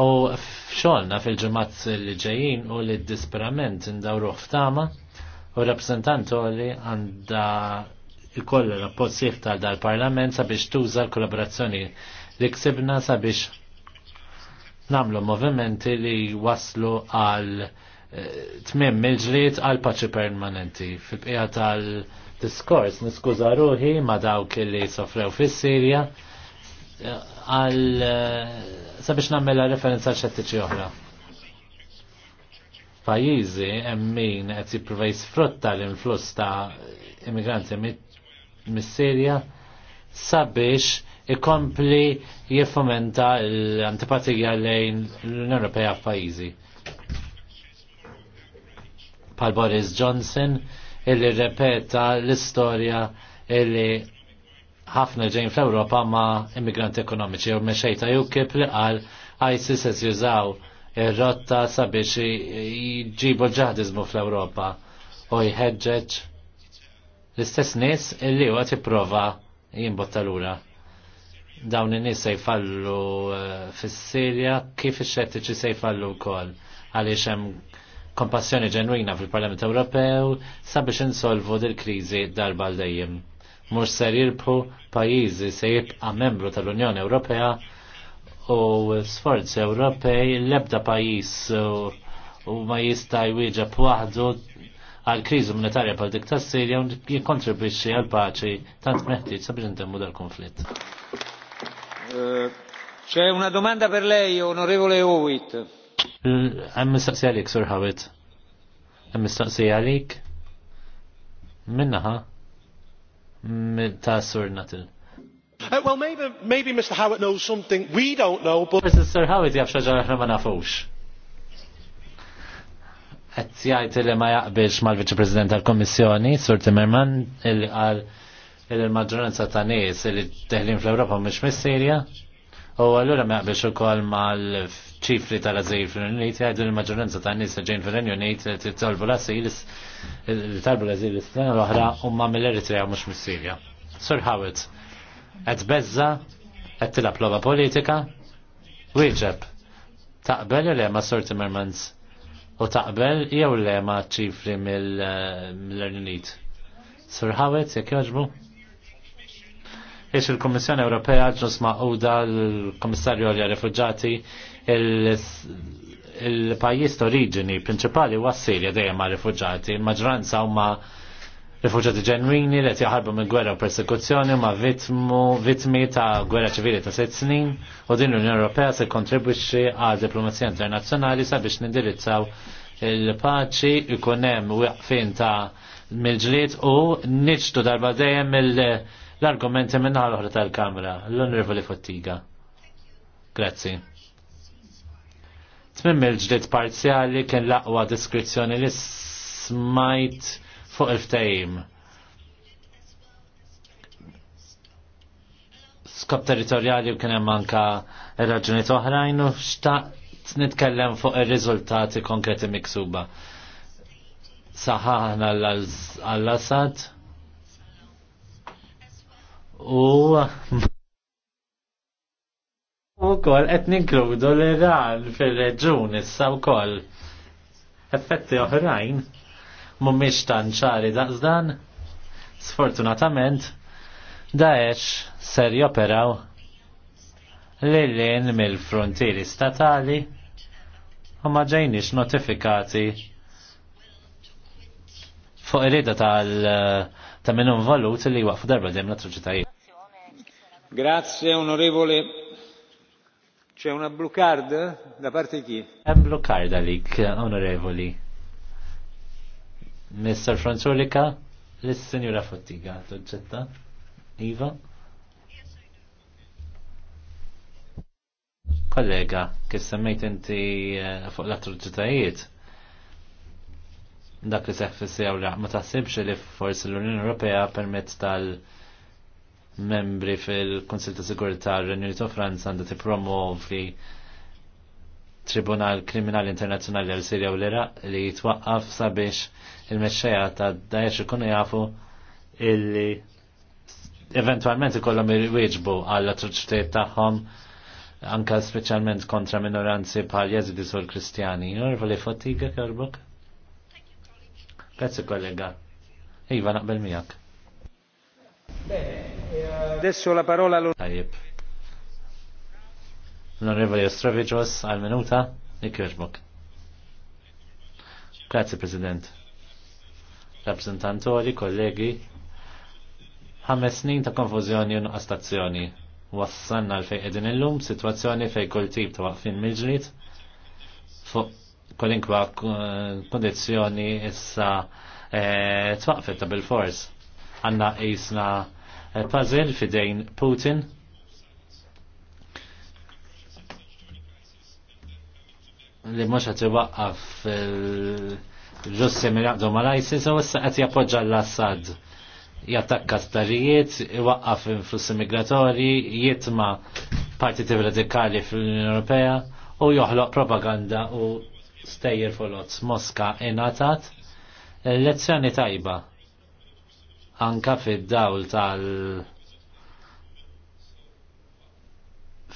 Speaker 4: u fxolna fil-ġemat li ġejjin u li d-disperament indawruħ f'tama u rappresentant li għanda ikoll rapport appoġġ tal dal-Parlament sabiex tuża l-kollaborazzjoni li ksibna sabiex namlu movimenti li waslu għal eh, tmim il-ġliet għal paċi permanenti. Fil-bqija tal-diskors niskuża ruħi ma dawk li sofrew fis-Sirja eh, għal eh, sabiex nammela referenza ċettiċi oħra. Pajizi emmin qed jippruva jisfrutta l-influss ta' immigranti mit mis-Sirja sabiex ikompli jiffomenta l-antipatija lejn l-Unjoni Ewropea f'pajjiżi. Pal Boris Johnson illi repeta l-istorja illi ħafna ġejn fl-Ewropa ma' immigranti ekonomiċi u mexejta UKIP li qal ISIS se jużaw ir-rotta sabiex jġibu ġaħdizmu fl-Ewropa u jħeġġeġ L-istess nies u għati tipprova jimbotta lura. Dawn in-nies se jfallu eh, fis-Sirja kif ix-xettiċi se jfallu wkoll għaliex hemm kompassjoni ġenwina fil-Parlament Ewropew sabiex insolvu dil-kriżi darba baldejjem dejjem. ser jirbu pajjiżi se jibqa' membru tal-Unjoni Ewropea u sforzi Ewropej l-ebda pajjiż u ma jista' jwieġeb waħdu għal kriżi monetarja pal dik tas Sirja u jikkontribwixxi għal paċi tant meħtieġ sabiex intemmu dal-konflitt.
Speaker 2: Eh, c'è una domanda per lei, onorevole Howitt.
Speaker 4: Għem eh, mistaqsi għalik, Sur Howitt. Għem mistaqsi għalik? Minnaħa? Ta' Sir Natil. Uh, eh, well, maybe, maybe Mr. Howitt knows something we don't know, but... Mr. Howitt jaf xaġa ħna ma nafux qed jgħid li ma jaqbilx mal-Viċi President tal-Kommissjoni, Sur Timmerman, il qal li l-maġġoranza ta' nies li teħlin fl-Ewropa mhux mis-Sirja. U allura ma jaqbilx ukoll mal-ċifri tal-azil fil-Unjoni Unit jgħidu li l-maġġoranza ta' nies li ġejn fil-Unjoni Unit li titolbu l-asil li talbu l-azil l-istrana l-oħra huma mill-Eritrea mhux mis-Sirja. Sur Howard, qed beżza, qed tilab logħba politika, wieġeb. Taqbel li ma Sur Timmermans U taqbel jew le ma ċifri mill eh, lernit Sir Hawet, jek joġbu? Ix il-Kommissjoni Ewropea ġus maquda l-Kommissarju għal Refugġati il-pajis d'oriġini prinċipali huwa Sirja dejjem ma' rifuġġati, il-maġranza huma rifuġati ġenwini li jaħarbu minn gwerra u persekuzzjoni ma' vitmi ta' gwerra ċivili ta' set snin u din l-Unjoni Ewropea se kontribwixxi għal diplomazija internazzjonali sabiex nindirizzaw il-paċi ikun hemm waqfin ta' mill-ġlied u niċtu darba dejjem l-argumenti minn naħa l-oħra tal-Kamra, l-Onorevoli Fottiga. Grazzi. Tmim il-ġlied parzjali kien laqwa diskrizzjoni li smajt fuq il ftajim skop territorjali u kien hemm anka raġunijiet oħrajn u xtaqt nitkellem fuq ir-riżultati konkreti miksuba. Saħħaħna għall-Assad u u kol qed ninkludu l-Iran fil reġun issa wkoll effetti oħrajn mumiex tan ċari daqsdan, sfortunatament, Daesh ser joperaw lilin mill-frontieri statali u ma ġejniex notifikati fuq irida tal ta' minn valut li waqfu darba dem l-atroċitajiet.
Speaker 2: Grazie onorevole. C'è una blue card
Speaker 4: da parte di chi? È blue card għalik, onorevoli. Mr. Franzolika, l-Senjura Fottiga, toġġetta, Iva. Kollega, kif semmejt inti eh, fuq l-atroċitajiet, dak li seħ fissi għaw ma taħsibx li forsi l-Unjoni Ewropea permezz tal-membri fil-Konsil ta' Sigurità Renju ta' Franza għandha tippromovi. promovi Tribunal Kriminali Internazzjonali għal Sirja u l ira li jitwaqqaf sabiex il-mexxejja ta' Daesh ikunu jafu illi eventualment ikollhom wieġbu għall atroċitajiet tagħhom anka speċjalment kontra minoranzi bħal jeżidis u kristjani Jorva li fotiga kerbok? Grazie kollega. Iva naqbel miak. Adesso la parola lo... L-Onorevoli Ostrovicos għal-minuta, li ikjoġbok. Grazie, President. Rappresentantori, kollegi, ħames snin ta' konfuzjoni u nuqqas Wassanna l-fej edin l-lum situazzjoni fej kultib ta' waqfin mill-ġrid, fuq kolinkwa kondizjoni issa eh, twaqfet ta' bil-fors. Għanna jisna eh, pazil fidejn Putin, li mhux qed iwaqqaf il-Russi mill-jaqdu mal-ISIS u issa qed jappoġġa l-Assad jattakka starijiet, iwaqqaf influssi migratorji, jitma partiti radikali fl-Unjoni Ewropea u joħloq propaganda u stejjer folot Moska inatat l-lezzjoni tajba anka fid-dawl tal-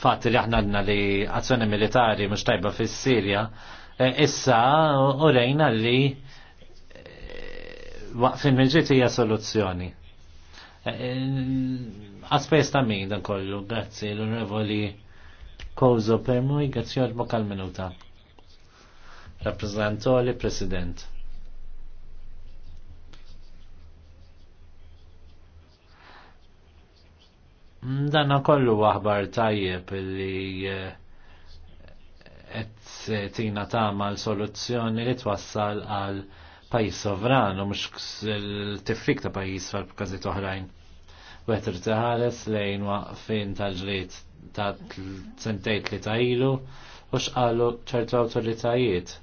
Speaker 4: fatt li aħna għadna li azzjoni militari mhux tajba fis-Sirja, e, issa u rejna li e, waqfin mill-ġiet hija soluzzjoni. E, Aspejs ta' min dan kollu, grazzi l-onorevoli Kozo Permuj, grazzi għadbok għal-minuta. Rappresentoli, President. Mm, danna kollu aħbar tajjeb li qed eh, tina l soluzzjoni li twassal għal pajjiż sovran u mhux tiffik ta' pajjiż fil każijiet oħrajn. Wetr teħares lejn waqfin tal-ġlied ta' sentejt li ta' ilu u xqalu ċertu awtoritajiet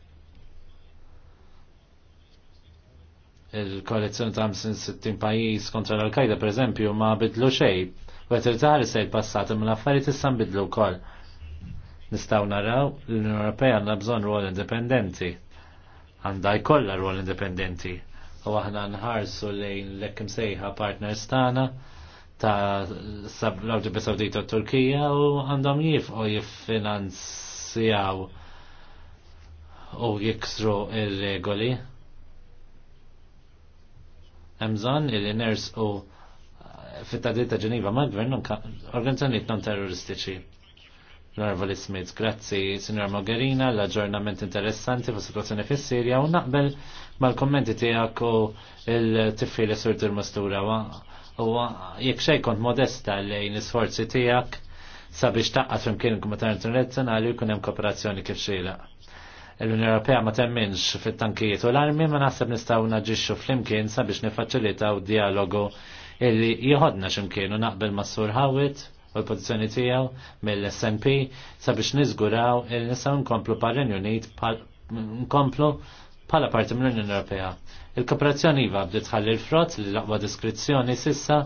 Speaker 4: il-koalizzjoni ta' 60 pajjiż kontra l-Al-Qaeda pereżempju ma bidlu xejn. Wet irtari se l-passat imma l-affarijiet issa bidlu wkoll. Nistgħu naraw l-Unjoni Ewropea għandha bżonn rwol indipendenti. Għandha jkollha rwol indipendenti. U aħna nħarsu lejn l-ekkim sejħa partners tagħna ta' l-Arabia Sawdita Turkija u għandhom u jiffinanzjaw u jiksru ir-regoli Emżon il-iners u eh, fit-tadil ta' Ġeniva ma' gvern organizzjoniet non terroristiċi. Narvali Smith, grazzi Sinjor Mogherina, l-aġġornament interessanti fu situazzjoni fis sirja u naqbel mal-kommenti tiegħek u il-tifli sur l mastura u jekk xej kont modesta lejn l-isforzi tiegħek sabiex taqqa fimkien il-Kumitat Internazzjonali u jkun hemm kooperazzjoni kif xejla l-Unjoni Ewropea ma temminx fit-tankijiet u l-armi ma naħseb nistgħu naġixxu flimkien sabiex nifaċilitaw dialogu illi jieħodna x'imkienu naqbel mas Sur Hawit u l-pozizjoni tiegħu mill-SNP sabiex niżguraw illi nistgħu nkomplu par-Renju Unit nkomplu bħala parti mill-Unjoni Ewropea. Il-kooperazzjoni iva bdiet ħalli l-frott li laqwa aqwa diskrizzjoni sissa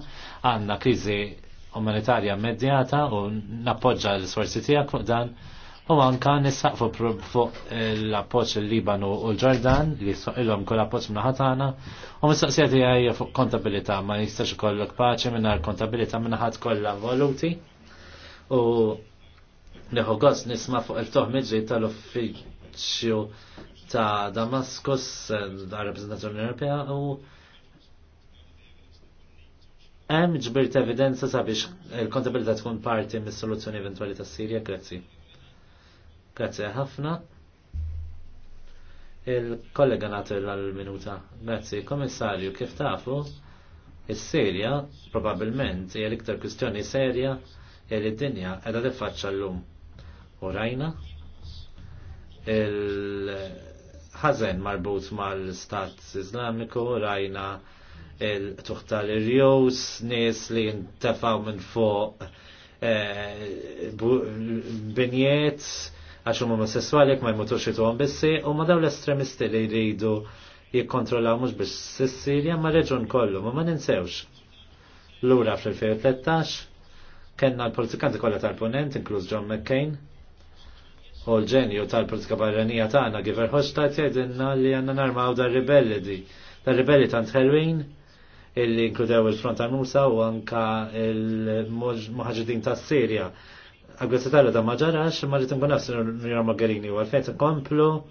Speaker 4: għandna kriżi umanitarja immedjata u nappoġġa l-sforzi tiegħek fuq dan u anka nissaqfu fuq eh, l-appoċ il-Libanu u l-Ġordan li soqilhom kol appoċ minn ħatana u mistaqsijati għajja fuq kontabilità ma jistax kollok paċi minn kontabilità minn ħadd voluti u neħu għos nisma fuq il-toħ miġri tal-uffiċċju ta' Damaskus da' eh, reprezentazzjoni Ewropea u hemm ġbirt evidenza sabiex il-kontabilità tkun parti mis-soluzzjoni eventwali tas-Sirja, grazzi. Grazie ħafna. Il-kollega nagħti l-minuta. Grazie, Komissarju, kif tafu? is serja probabbilment hija l-iktar kwistjoni serja li d-dinja qiegħda tiffaċċa llum. U rajna il-ħażen marbut mal-Stat Iżlamiku, rajna il-tuħ tal-irjows, nies li ntefgħu minn fuq eh, binjiet, għax huma omosessuali ma jmutux jituhom bissi u ma daw l-estremisti li jridu jikkontrollaw mhux biex Sissilja ma reġun kollu, ma ma ninsewx. Lura fl-2013 kellna l-politikanti kollha tal-ponent, inkluż John McCain, u l-ġenju tal-politika barranija tagħna Giver Hostat jgħidilna li għandna narmaw dar-ribelli di. Dar-ribelli tant Halloween illi inkludew il-front Musa u anka il-muħġidin ta' Sirja tal da maġarax, ma rritin kun n Njura maġarini, u għalfejn komplu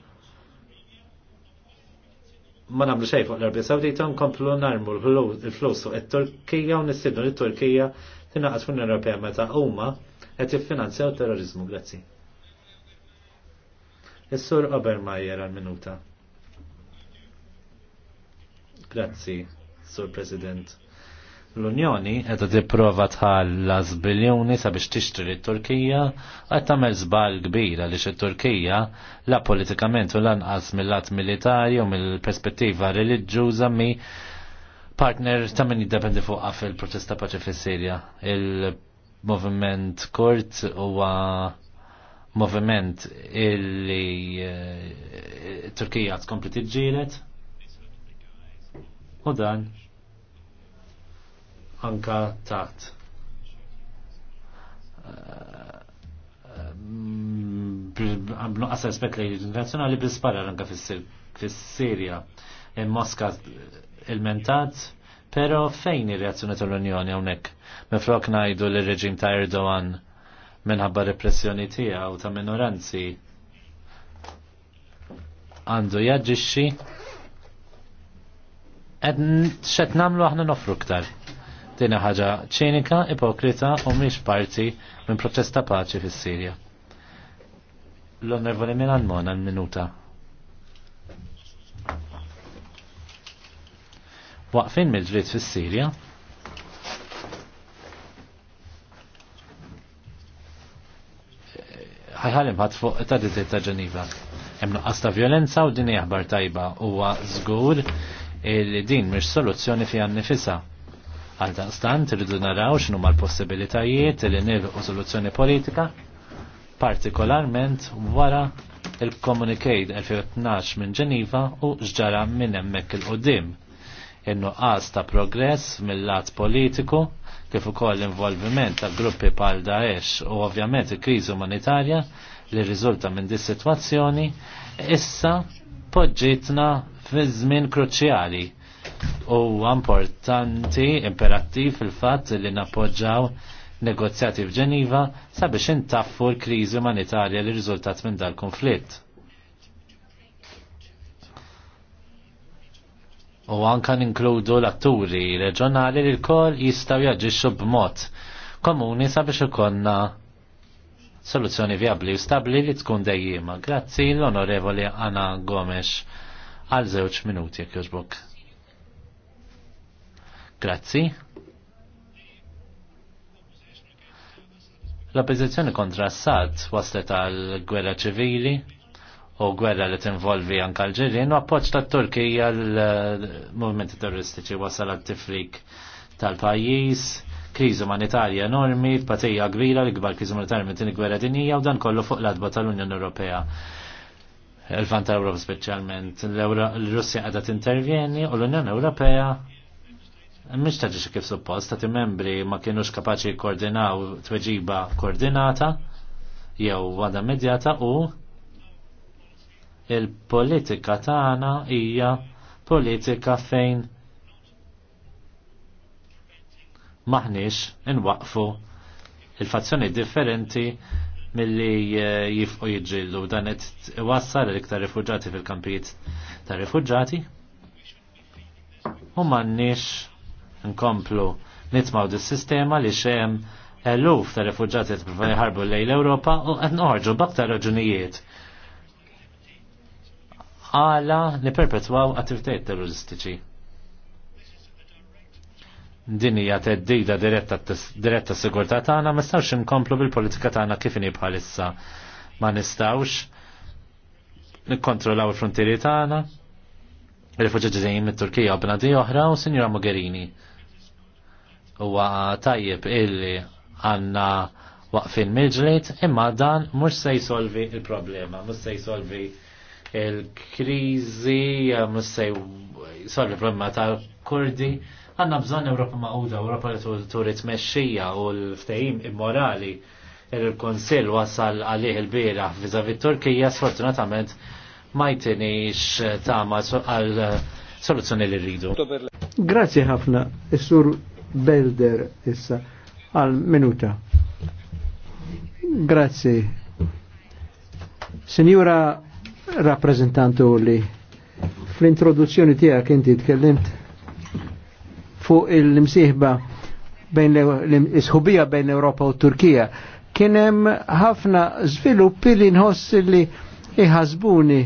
Speaker 4: ma namlu xej fuq l-Arabja Sawdita, nkomplu narmu l-flus fuq turkija u nistidnu l-Turkija tinaqas ma ta' meta huma qed u terrorizmu, grazzi. Is-sur Obermajer għal-minuta. Grazzi, Sur President. L-Unjoni edha tipprova tħallas biljoni sabiex tixtri li turkija għad tagħmel żball kbir għaliex it-Turkija la politikament u lanqas mill-lat militari u mill-perspettiva reliġjuża mi partner ta' min jiddependi fuqha fil-protesta paċi fis-Sirja. Il-moviment kurt huwa moviment illi eh, Turkija tkompli tiġġielet u dan anka taħt. Għamlu għas rispet li internazjonali bisparar anka fis-Sirja. Moska il-mentat, pero fejn ir-reazzjoni tal-Unjoni hawnhekk? Mifrok ngħidu li reġim ta' Erdogan minħabba repressjoni tiegħu ta' minoranzi għandu jaġġixxi qed x'qed nagħmlu aħna nofru ktar. Din ħaġa ċinika, ipokrita u mhix parti minn proċess ta' paċi fis-Sirja. L-Onorevoli Milan Mon għal-minuta. Waqfin mill-ġrid fis-Sirja, ħajħalim ħat fuq ta' dizet ta' ġeniva. Hemm nuqqas ta' violenza u din jaħbar tajba huwa żgur li din mhix soluzzjoni fiha nnifisha. Għal daqstant irridu naraw x'nu mal-possibilitajiet li nilqu soluzzjoni politika, partikolarment wara il-Communicate 2012 minn Ġeniva u ġġara minn hemmhekk il-qudiem. In-nuqqas ta' progress mill-lat politiku kif ukoll l-involviment ta' gruppi pal Daesh u ovvjament il-kriżi umanitarja li riżulta minn dis sitwazzjoni issa poġġitna fi żmien kruċjali u importanti, imperattiv il-fat li nappoġġaw negozjati f'Ġeniva sabiex intaffu l-kriżi umanitarja li riżultat minn dal-konflitt. U anka ninkludu l-atturi reġjonali li l-kol jistaw jaġixxu b'mod komuni sabiex ikonna soluzzjoni viabli u stabli li tkun dejjima. Grazzi l-Onorevoli Anna Gomes għal żewġ minuti jekk joġbok. Grazzi. L-oppożizzjoni kontra s-sad waslet għal gwerra ċivili u gwerra li tinvolvi anka l-ġirien u appoġġ tat turkija l-movimenti eh, terroristiċi wasal għal tifrik tal-pajjiż, kriżi umanitarja enormi, patija kbira li kbar kriżi umanitarja minn tieni gwerra dinija u dan kollu fuq l-adba tal-Unjoni Ewropea. Il-Fanta Ewropa speċjalment, l-Russja qiegħda intervjeni u l-Unjoni Ewropea Mhix ta' ġiġi kif suppost, ta' membri ma kienux kapaċi koordinaw tweġiba koordinata jew wada medjata u il-politika tagħna hija politika fejn maħniex inwaqfu il-fazzjoni differenti mill-li eh, jifqu jġillu dan qed iwassal l-iktar rifuġġati fil-kampijiet ta' rifuġġati u m'għandniex nkomplu nitmaw dis-sistema li xem eluf ta' refugġati t-prova jħarbu lejl Ewropa u għed noħarġu baktar raġunijiet. Għala li perpetwaw attivitajiet terroristiċi. Din hija teddida diretta sigurtà tagħna ma nistgħux inkomplu bil-politika tagħna kif inhi bħalissa. Ma nistgħux nikkontrollaw il-frontieri tagħna, il-rifuġġaġi mit-Turkija u bnadi oħra u Sinjora Mogherini huwa tajjeb illi għanna waqfin mill imma dan mhux se jsolvi il-problema, mhux se jsolvi il-kriżi, mhux se jsolvi il-problema tal-Kurdi. Għanna bżonn Ewropa maquda, Ewropa li turit meċxija u l-ftehim immorali il-Konsil wasal għalih il-bira vizavi Turkija sfortunatament ma jtinix tama għal soluzzjoni li rridu.
Speaker 2: Grazie ħafna, Sur Belder issa għal minuta. Grazzi. Signora rappresentantu li fl-introduzzjoni tiegħek inti tkellimt fuq il-msieħba bejn l-isħubija bejn l-Europa u Turkija. Kien hemm ħafna żviluppi li nħoss li iħasbuni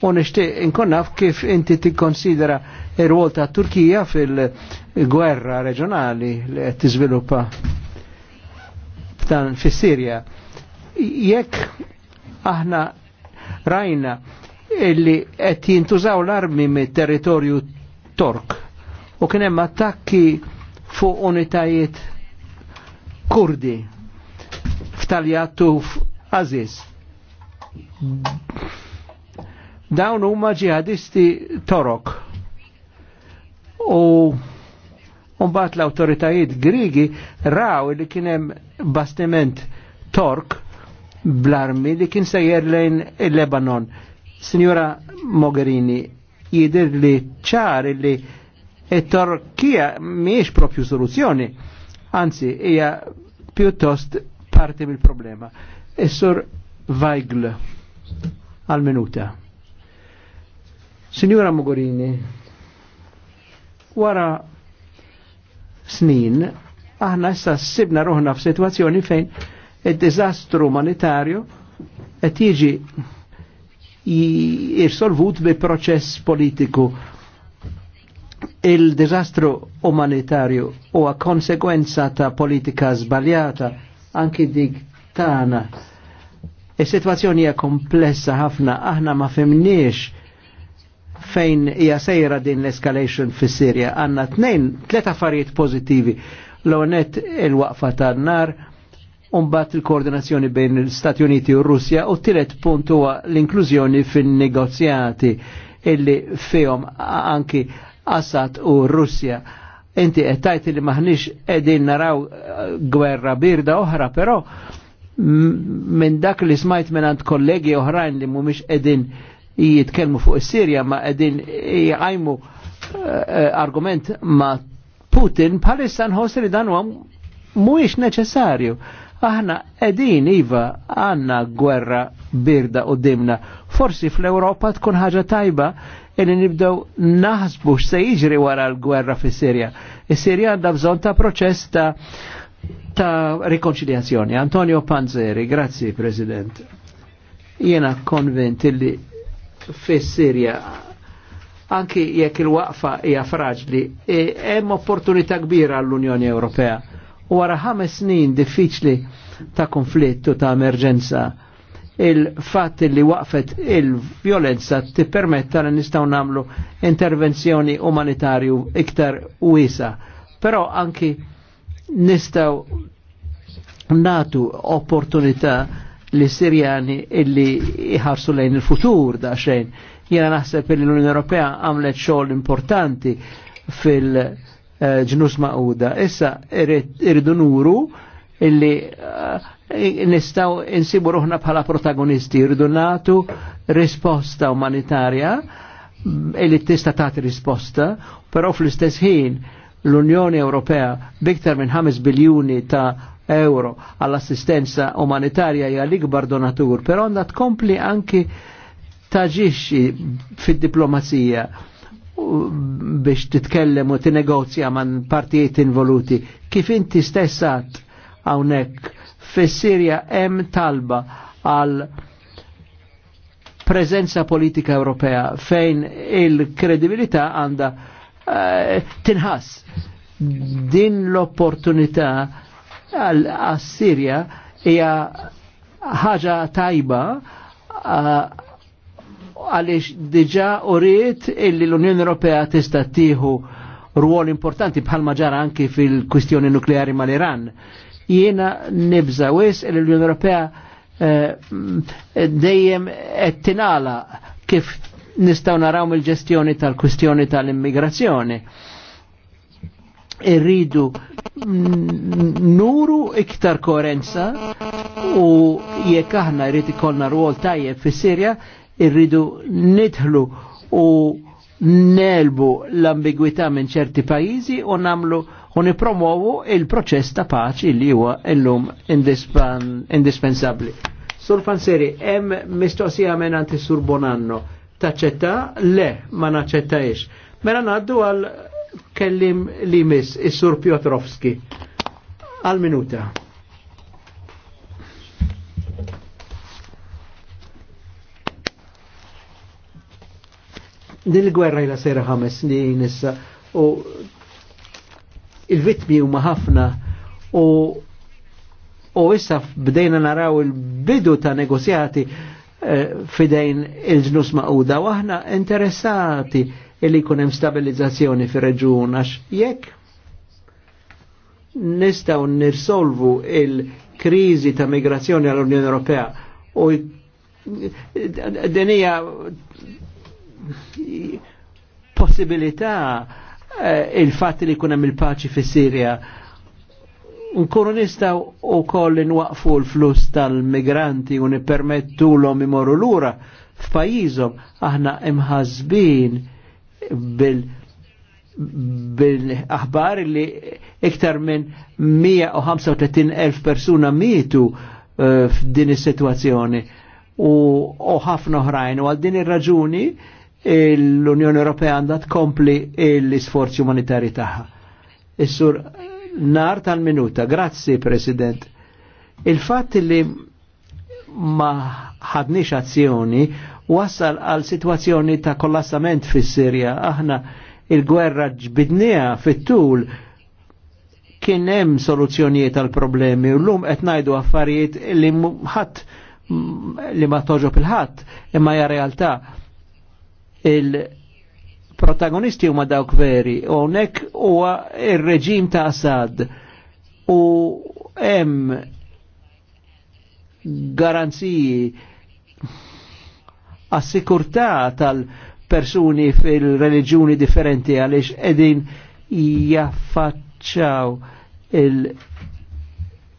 Speaker 2: u nishtiq inkun kif inti tikkonsidera ir-rwol ta' Turkija fil-gwerra reġjonali li qed tiżviluppa f'dan fis-Sirja. Jekk aħna rajna illi qed jintużaw l-armi mit-territorju Tork u kien hemm attakki fuq unitajiet kurdi f'Taljattu f'Aziz Dawn huma ġihadisti torok. U mbagħad l-awtoritajiet Griegi raw li kien hemm bastiment tork bl-armi li kien sejjer lejn il-Lebanon. Signora Mogherini, jidir li ċar li it-Torkija miex propju soluzzjoni, anzi hija pjuttost parti mill-problema. Is-sur Weigl għal-minuta. Signora Mogorini, wara snin, aħna issa sibna roħna f'sitwazzjoni fejn il dizastru umanitarju qed jiġi jirsolvut bi proċess politiku. il dizastru umanitarju huwa konsegwenza ta' politika żbaljata anki dik tagħna. Is-sitwazzjoni hija komplessa ħafna, aħna ma fimniex fejn hija sejra din l-escalation fis sirja Għanna tnejn, tlet affarijiet pozittivi. L-onet il-waqfa tan-nar, Umbat il-koordinazzjoni bejn l-Stati Uniti u Russja u t-tiret punt huwa l-inklużjoni fin-negozjati illi fihom anki Assad u Russja. Inti qed tajt li maħniex qegħdin naraw eh, gwerra birda oħra, però minn dak li smajt minn kollegi oħrajn li mhumiex qegħdin jitkelmu fuq is-Sirja ma qegħdin jgħajmu eh, eh, argument ma' Putin bħalissa nħossi li dan huwa mhuwiex neċessarju. Aħna qegħdin iva għandna gwerra birda dimna. Forsi fl-Ewropa tkun ħaġa tajba illi nibdew naħsbu x'se jiġri wara l-gwerra fis-Sirja. Is-Sirja għandha bżonn ta' proċess ta' ta' rikonċiljazzjoni. Antonio Panzeri, grazzi President. Jena konvent illi fis sirja anki jekk il-waqfa hija fraġli, e, hemm opportunità kbira għall-Unjoni Ewropea. U wara ħames snin diffiċli ta' konflittu ta' emerġenza, il-fatt li waqfet il-violenza tippermetta li nistgħu nagħmlu intervenzjoni umanitarju iktar wiesa. Però anki nistgħu natu opportunità li Sirjani illi iħarsu lejn il-futur da xejn. Jena naħseb li l-Unjoni Ewropea għamlet xogħol importanti fil-ġnus maquda. Issa irridu nuru illi eh, nistaw insibu ruħna bħala protagonisti, irridu natu risposta umanitarja illi tista tagħti risposta, però fl-istess ħin l-Unjoni Ewropea biktar minn 5 biljuni ta' euro għall-assistenza umanitarja hija l-ikbar donatur, però għandha tkompli anki taġixxi fid-diplomazija biex titkellem u tinegozja man partijiet involuti. Kif inti stessat hawnhekk fis-Sirja hemm talba għal prezenza politika Ewropea fejn il-kredibilità għandha uh, tinħass din l-opportunità għal-Assirja hija ħaġa tajba għaliex diġa uriet illi l-Unjoni Ewropea tista' tieħu ruol importanti bħal maġara anki fil-kwistjoni nukleari mal-Iran. Jiena nibża wis l-Unjoni Ewropea eh, dejjem et tinala kif nistgħu naraw mill-ġestjoni tal-kwistjoni tal-immigrazzjoni. tal kwistjoni tal immigrazzjoni tal tal immigrazzjoni irridu nuru iktar koerenza u jekk aħna rrid ikollna rwol tajjeb fis-Sirja irridu nidħlu u nelbu l-ambigwità minn ċerti pajjiżi u namlu u nipromovu il-proċess ta' paċi li huwa llum indispensabbli. Sur Panseri, hemm mistoqsija minn anti Sur Bonanno. Taċċetta? Le, ma naċċettajx. Mela ngħaddu għal kellim li miss, is-sur Piotrowski. Għal minuta. Din il-gwerra jla sejra ħames snin issa u il-vitmi huma ħafna u u issa bdejna naraw il-bidu ta' negozjati eh, fidejn il-ġnus maquda u aħna interessati illi jkun hemm stabilizzazzjoni fir-reġun għax jekk nistgħu nirsolvu il-kriżi ta' migrazzjoni għall-Unjoni Ewropea u denija possibilità eh, il-fatt li jkun hemm il-paċi fis-Sirja nkunu nistaw u koll nwaqfu l-flus tal-migranti u nipermettu l-om imorru l-ura f'pajizom aħna imħazbin bil bil-aħbar li iktar minn 135 elf persuna mietu eh, f'din is-sitwazzjoni u ħafna oħrajn u għal din ir-raġuni l-Unjoni Ewropea għandha tkompli l-isforzi umanitarji tagħha. Is-sur nar tal-minuta, grazzi President. Il-fatt li ma ħadniex azzjoni wassal għal situazzjoni ta' kollassament fis sirja Aħna il-gwerra ġbidnija fit-tul kien hemm soluzzjonijiet għal problemi u llum qed ngħidu affarijiet li ħadd li ma toġob il-ħadd imma hija realtà. Il-protagonisti huma dawk veri u hawnhekk huwa ir-reġim ta' Assad u hemm garanziji assikurtà tal-persuni fil religjoni differenti għaliex edin jaffacċaw il-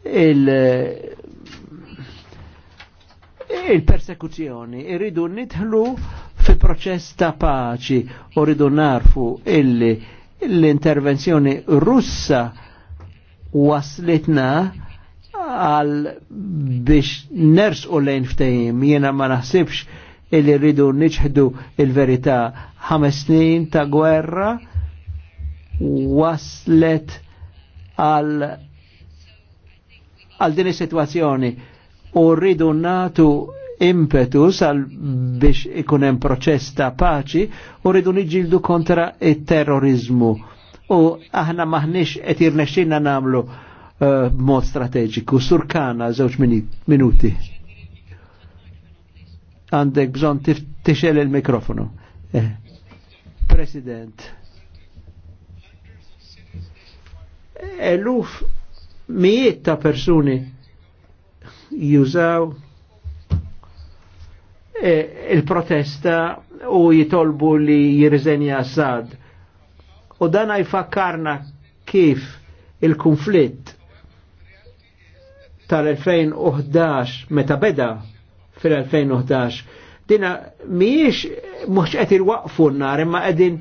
Speaker 2: il- il-persekuzzjoni, irridu nidħlu fi proċess ta' paċi u rridu narfu l-intervenzjoni russa waslitna għal biex ners u lejn ftejim, jena ma naħsibx illi rridu niċħdu il-verità ħames snin ta' gwerra waslet għal għal din is-sitwazzjoni u rridu natu impetus għal biex ikunem proċess ta' paċi u rridu niġildu kontra il-terrorizmu. U aħna maħnix qed jirnexxinna namlu Eh, mod strategiku. Surkana, żewġ minuti. Għandek bżon tixel il-mikrofonu. Eh. President. Eluf mijiet ta' persuni jużaw eh, il-protesta u jitolbu li jirżenja Assad. U dan jfakkarna kif il-konflitt tal-2011 meta beda fil-2011 dina miex mux qed il-waqfu n-nar imma qegħdin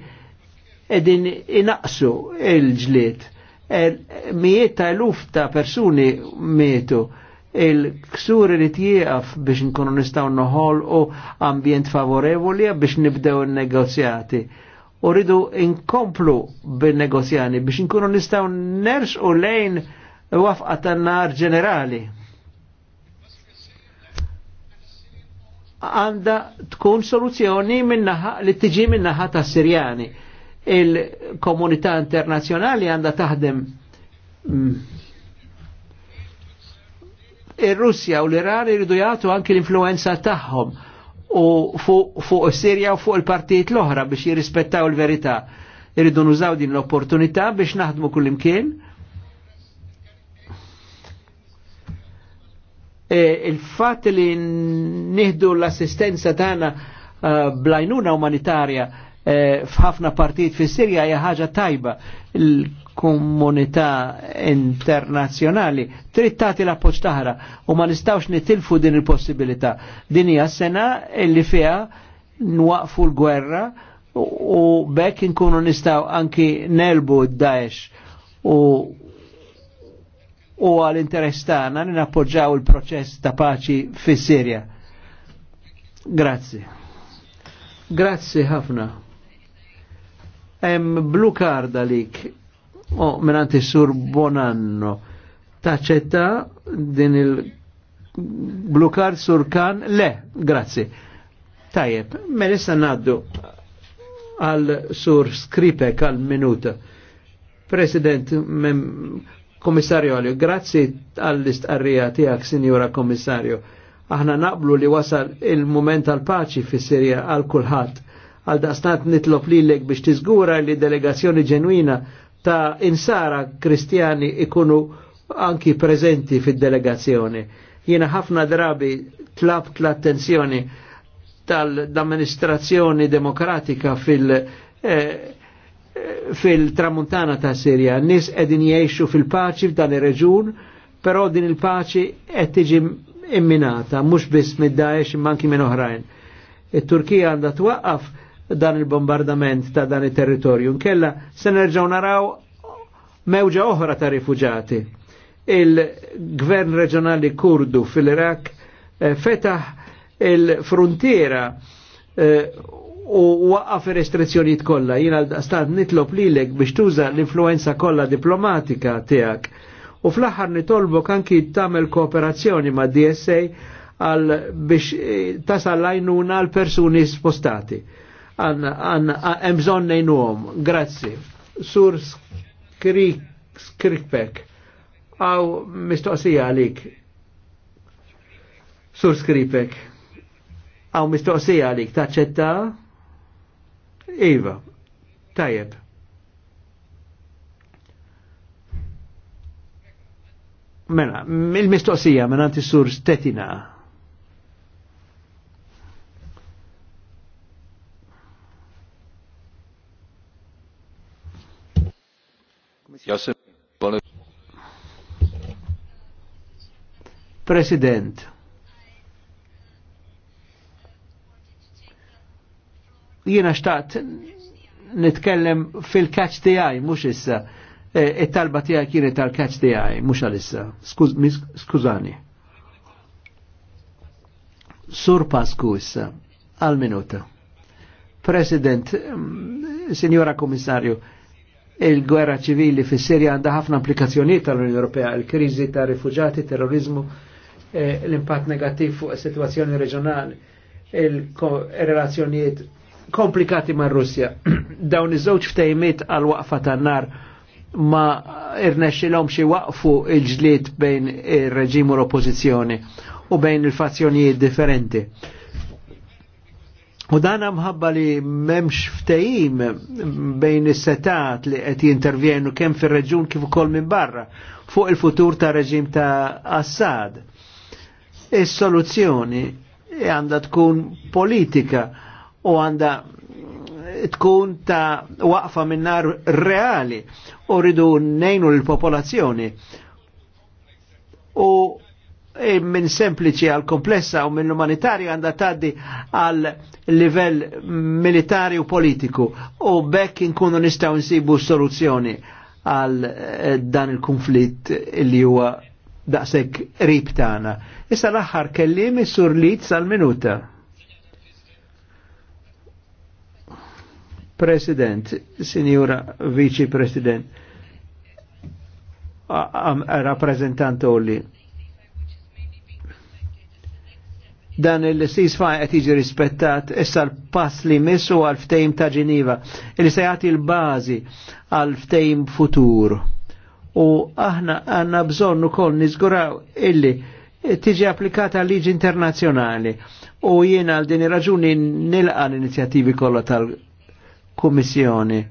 Speaker 2: qegħdin inaqsu il-ġlied. Er, mijiet ta' luf ta' persuni mietu il-ksur li tjieqaf biex nkunu nistaw noħol u ambjent favorevoli biex nibdew il-negozjati. U rridu inkomplu bil-negozjani biex nkunu nistaw ners u lejn wafqa tan-nar ġenerali. Għanda tkun soluzzjoni minnaħa li tiġi minnaħa ta' Sirjani. Il-komunità internazjonali għanda taħdem mm, ir-Russja u l-Iran iridu jagħtu anki l-influenza tagħhom u fuq fu Sirja u fuq il-partijiet l-oħra biex jirrispettaw il-verità. Iridu nużaw din l-opportunità biex naħdmu kullimkien E, il-fat li nieħdu l-assistenza tagħna e, blajnuna umanitarja e, f'ħafna partijiet fis sirja hija ħaġa tajba il-komunità internazzjonali trid tagħti l-appoġġ taħra u ma nistgħux nitilfu din il-possibilità. Din hija sena li fiha nwaqfu l-gwerra u bekk inkunu nistgħu anki nelbu d-Daesh u u għal-interess tagħna li nappoġġaw il-proċess ta' paċi fis-Sirja. Grazzi. Grazzi ħafna. Hemm blu karda lik oh, minn sur Bonanno taċċetta din il blu card, sur kan le, grazzi. Tajjeb, mela issa ngħaddu għal sur skripek għal minuta. President, mem, Komissarju għalju, grazzi għall-istqarrija tijak, Signora Komissarju. Aħna naqblu li wasal il-moment tal-paċi fis sirja għal kulħadd. Għal daqsnat nitlob lilek biex tiżgura li delegazzjoni ġenwina ta' insara kristjani ikunu anki prezenti fid-delegazzjoni. Jiena ħafna drabi tlabt l-attenzjoni tal-amministrazzjoni demokratika fil- eh, fil-tramuntana ta' Sirja, nis edin jiexu fil-paċi f'dan il reġun però din il-paċi qed tiġi imminata, mhux biss mid-Daesh manki minn oħrajn. It-Turkija għandha twaqqaf dan il-bombardament ta' dan il territorju Nkella se nerġgħu naraw mewġa oħra ta' rifuġati. Il-gvern reġjonali kurdu fil-Irak eh, fetaħ il-frontiera eh, u waqqaf restrizzjonijiet kollha. Jiena stat nitlob lilek biex tuża l-influenza kollha diplomatika tiegħek. U fl-aħħar nitolbok anki tagħmel kooperazzjoni ma' DSA għal biex eh, tasal lajnuna għal persuni spostati. Hemm bżonn ngħinuhom. Grazzi. Sur Skripek, Għaw mistoqsija għalik. Sur skripek. Għaw mistoqsija għalik taċċetta? Iva, tajjeb. Mela, il-mistoqsija minn għanti sur stetina. President. jiena xtaqt nitkellem fil-catch eye mux issa. E, it-talba tiegħi kienet tal-catch tiegħi mhux għalissa. Skużani. Sur Pasku issa għal minuta. President, mm, Signora Komissarju, il-gwerra ċivili fis sirja għandha ħafna implikazzjonijiet tal-Unjoni Ewropea, il krizi ta' rifugiati terrorizmu, e, l-impatt negativ fuq is-sitwazzjoni reġjonali, il relazzjoniet komplikati ma' Russja. <clears throat> Dawn iż-żewġ ftejmiet għal waqfa tan-nar ma irnexxilhom xi waqfu il-ġlied bejn ir-reġim u l-oppożizzjoni u bejn il-fazzjonijiet differenti. U dan mħabba li memx ftehim bejn is-setat li qed jintervjenu kemm fir-reġun kif ukoll minn barra fuq il-futur ta' reġim ta' Assad. Is-soluzzjoni għandha tkun politika u għanda tkun ta' waqfa minnar reali u ridu nejnu l-popolazzjoni u e, minn sempliċi għal komplessa u minn umanitarju għanda taddi għal livell militari u politiku u bekk inkunu nistaw nsibu soluzzjoni għal e, dan il-konflitt li huwa daqshekk rib tagħna. Issa l-aħħar kelliem is-sur Litz sal minuta. President, Signora Vice President, rappresentant li. Dan il-ceasefire qed jiġi rispettat issa l-pass li missu għal ftejm ta' Ġiniva, li se jagħti l-bażi għal ftejm futur. U aħna għandna bżonn ukoll nizguraw illi tiġi applikata liġi internazzjonali u jiena għal din raġuni nilqa l inizjativi kollha tal- kummissjoni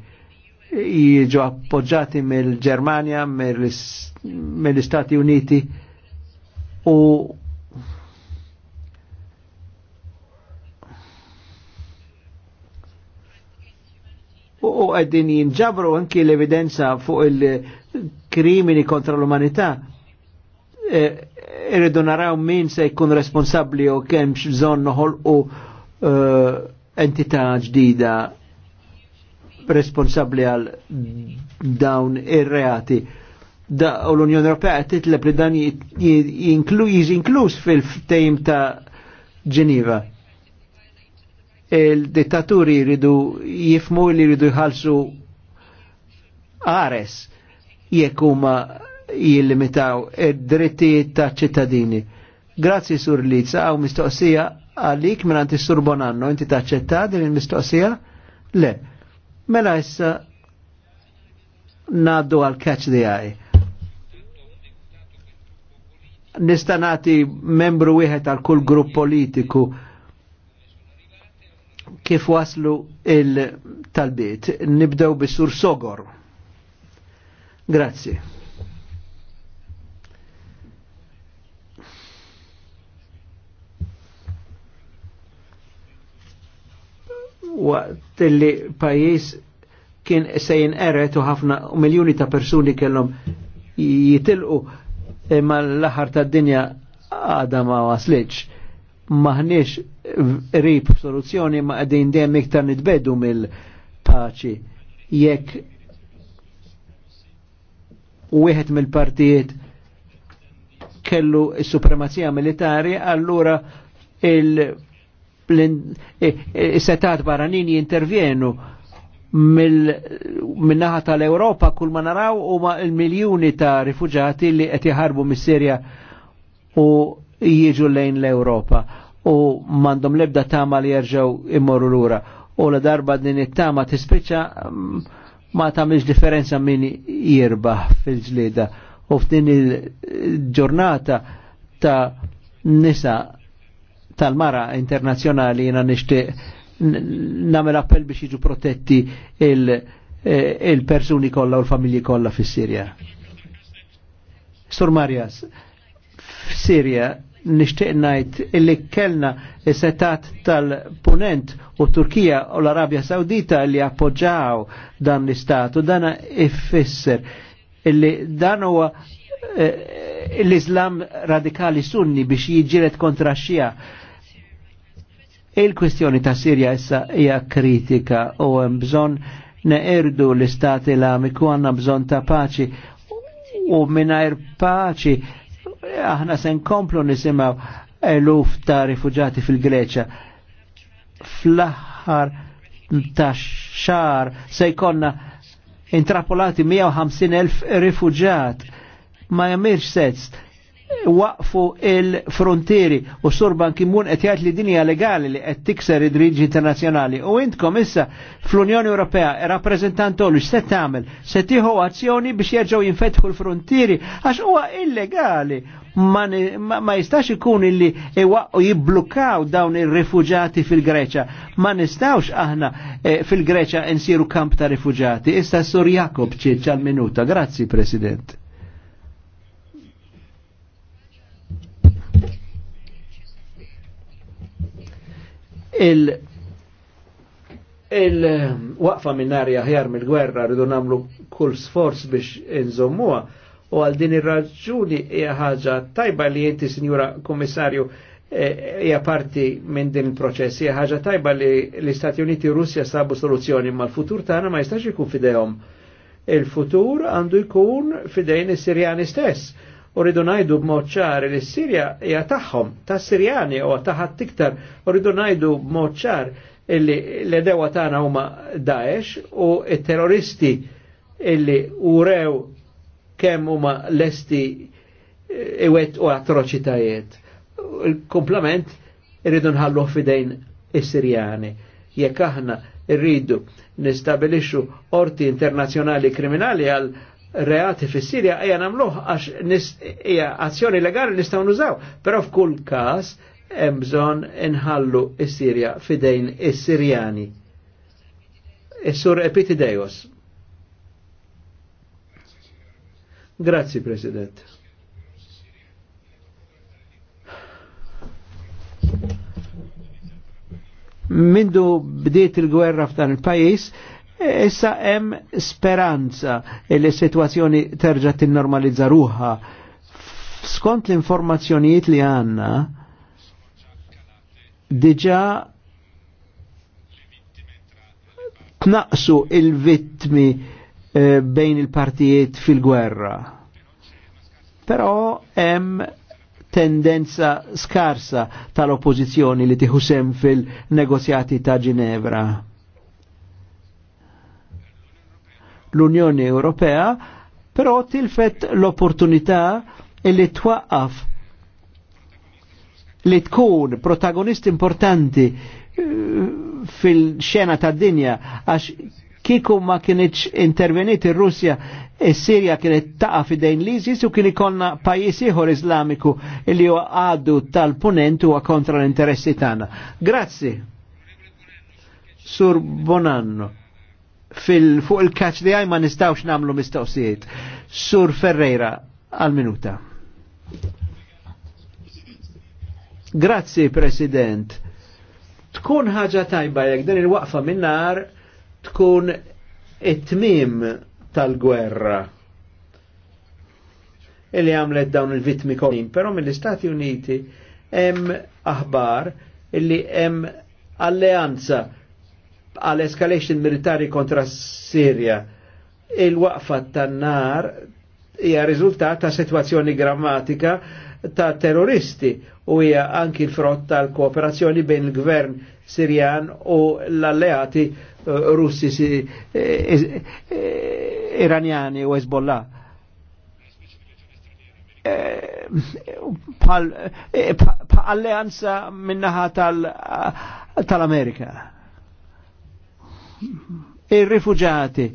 Speaker 2: jiġu appoġġati mill-Germania, mill-Istati Uniti u u għeddin jinġabru anki l-evidenza fuq il-krimini kontra l-umanità. E, irridu e, naraw min se jkun responsabli u kemx bżon noħol u uh, e, entità ġdida responsabli għal dawn ir-reati. Da u l-Unjoni Ewropea qed titleb li dan jinkluż inkluż fil-ftejm ta' Ġeniva. Il-dittaturi jridu jifmu li jridu jħallsu ares jekk huma jillimitaw id-drittijiet ta' ċittadini. Grazzi Sur Lizza għaw mistoqsija għalik minn għanti Sur Bonanno, inti taċċetta din il-mistoqsija? Le. Mela issa naddu għal catch the eye. Nistanati membru wieħed għal kull grupp politiku kif waslu il-talbiet. Nibdew bis-sur Sogor. Grazie. waqt li pajis kien sejn eret u ħafna miljoni ta' persuni kellhom jitilqu imma l-aħar ta' dinja għada ma waslitx. Maħniex rib soluzzjoni ma' qegħdin dejjem iktar nitbedu mill-paċi. Jekk wieħed mill-partijiet kellu s-supremazija militari, allura il- Eh, eh, setat barranin intervjenu minnaħa naħa tal-Europa kull ma naraw u ma il-miljoni ta' rifugġati li qed jaħarbu mis-Sirja u jiġu lejn l-Europa u mandom lebda tama li jerġaw immorru lura u la darba din it-tama tispiċċa mm, ma tagħmilx differenza min jirbaħ fil-ġlieda u f'din il-ġurnata ta' nisa tal-mara internazjonali jina nishtiq namel appell biex jiġu protetti eh, il-persuni kolla u l-familji kolla fis sirja Sur Marjas, f-Sirja nishtiq najt illi kellna setat tal-Punent u Turkija u l-Arabja Saudita li appoġġaw dan l-istat u dana ifisser illi dan huwa eh, l-Islam radikali sunni biex jiġiret kontra xija Il-kwistjoni ta' Sirja issa hija kritika u hemm bżonn neqirdu l-istati l-amiku għanna bżonn ta' paċi u mingħajr paċi aħna se nkomplu nisimgħu eluf ta' rifuġati fil-Greċja. Fl-aħħar ta' xar se jkollna intrappolati 150.000 rifuġat ma jamirx sezz waqfu il-frontieri u Surban Ban qed jgħid li dinja legali li qed tikser id-driġi internazzjonali. U intkom issa fl-Unjoni Ewropea rappreżentantolu se tagħmel se tieħu azzjoni biex jerġgħu jinfetħu l-frontieri għax huwa illegali ma, ma jistax ikun illi iwaqqu jibblukkaw dawn ir-rifuġati fil-Greċa. Ma nistawx aħna eh, fil-Greċa insiru kamp ta' rifuġati. Issa Sur Jakob ċiċ minuta Grazzi, President. il- il-waqfa um, minnari aħjar mill-gwerra rridu namlu kull sforz biex inżommuha u għal din ir-raġuni hija ħaġa tajba li inti Sinjura Kummissarju e, hija parti minn din il-proċess hija ħaġa tajba li l-Istati Uniti u Russja sabu soluzzjoni ma l-futur tagħna ma jistax ikun fidejhom. Il-futur għandu jkun fidejn is-Sirjani stess u rridu najdu b'mod ċar li s-Sirja hija tagħhom, ta' Sirjani u taħat tiktar, u rridu najdu b'mod ċar illi l-edewa tagħna huma Daesh u terroristi illi urew kemm huma lesti eh, iwet u atroċitajiet. Il-komplement irridu nħallu fidejn is-Sirjani. Jekk aħna rridu nistabilixxu orti internazzjonali kriminali għal reati fis sirja ejja namluħ għax hija azzjoni legali nistaw nużaw, Pero f'kull kas hemm bżonn inħallu s-Sirja fidejn is-Sirjani. Is-sur Epitidejos. Grazzi, President. Mindu bdiet il-gwerra f'dan il-pajis, Issa hemm speranza li s-sitwazzjoni terġa' tinnormalizza ruha. Skont l-informazzjonijiet li għandna, diġà tnaqsu il-vittmi eh, bejn il-partijiet fil-gwerra. Però hemm tendenza skarsa tal-oppozizjoni li tiħu fil-negozjati ta' Ginevra l-Unjoni Ewropea, però tilfet l-opportunità li twaqqaf li tkun protagonist importanti eh, fil-xena ta' dinja għax kiku ma kienieċ intervenit il-Russja e sirja kienet taqa fidejn l-ISIS u kien ikonna pajis ieħor Islamiku li huwa għaddu tal-punent u kontra l-interessi tana. Grazzi. Sur Bonanno fil fuq il-catch li għaj ma nistawx namlu mistawsijiet. Sur Ferreira, għal-minuta. Grazzi, President. Tkun ħaġa tajba jek din il-waqfa minnar tkun it-tmim tal-gwerra illi għamlet dawn il-vitmi kolin, pero mill-Istati Uniti hemm aħbar illi hemm alleanza għal escalation militari kontra Sirja. Il-waqfa tan-nar hija riżultat ta' situazzjoni grammatika ta' terroristi u hija anki l-frott tal-kooperazzjoni bejn il-gvern Sirjan u l-alleati eh, Russi eh, eh, Iranjani u Hezbollah. Bħal alleanza minnaħa tal-Amerika. Tal ir-rifuġati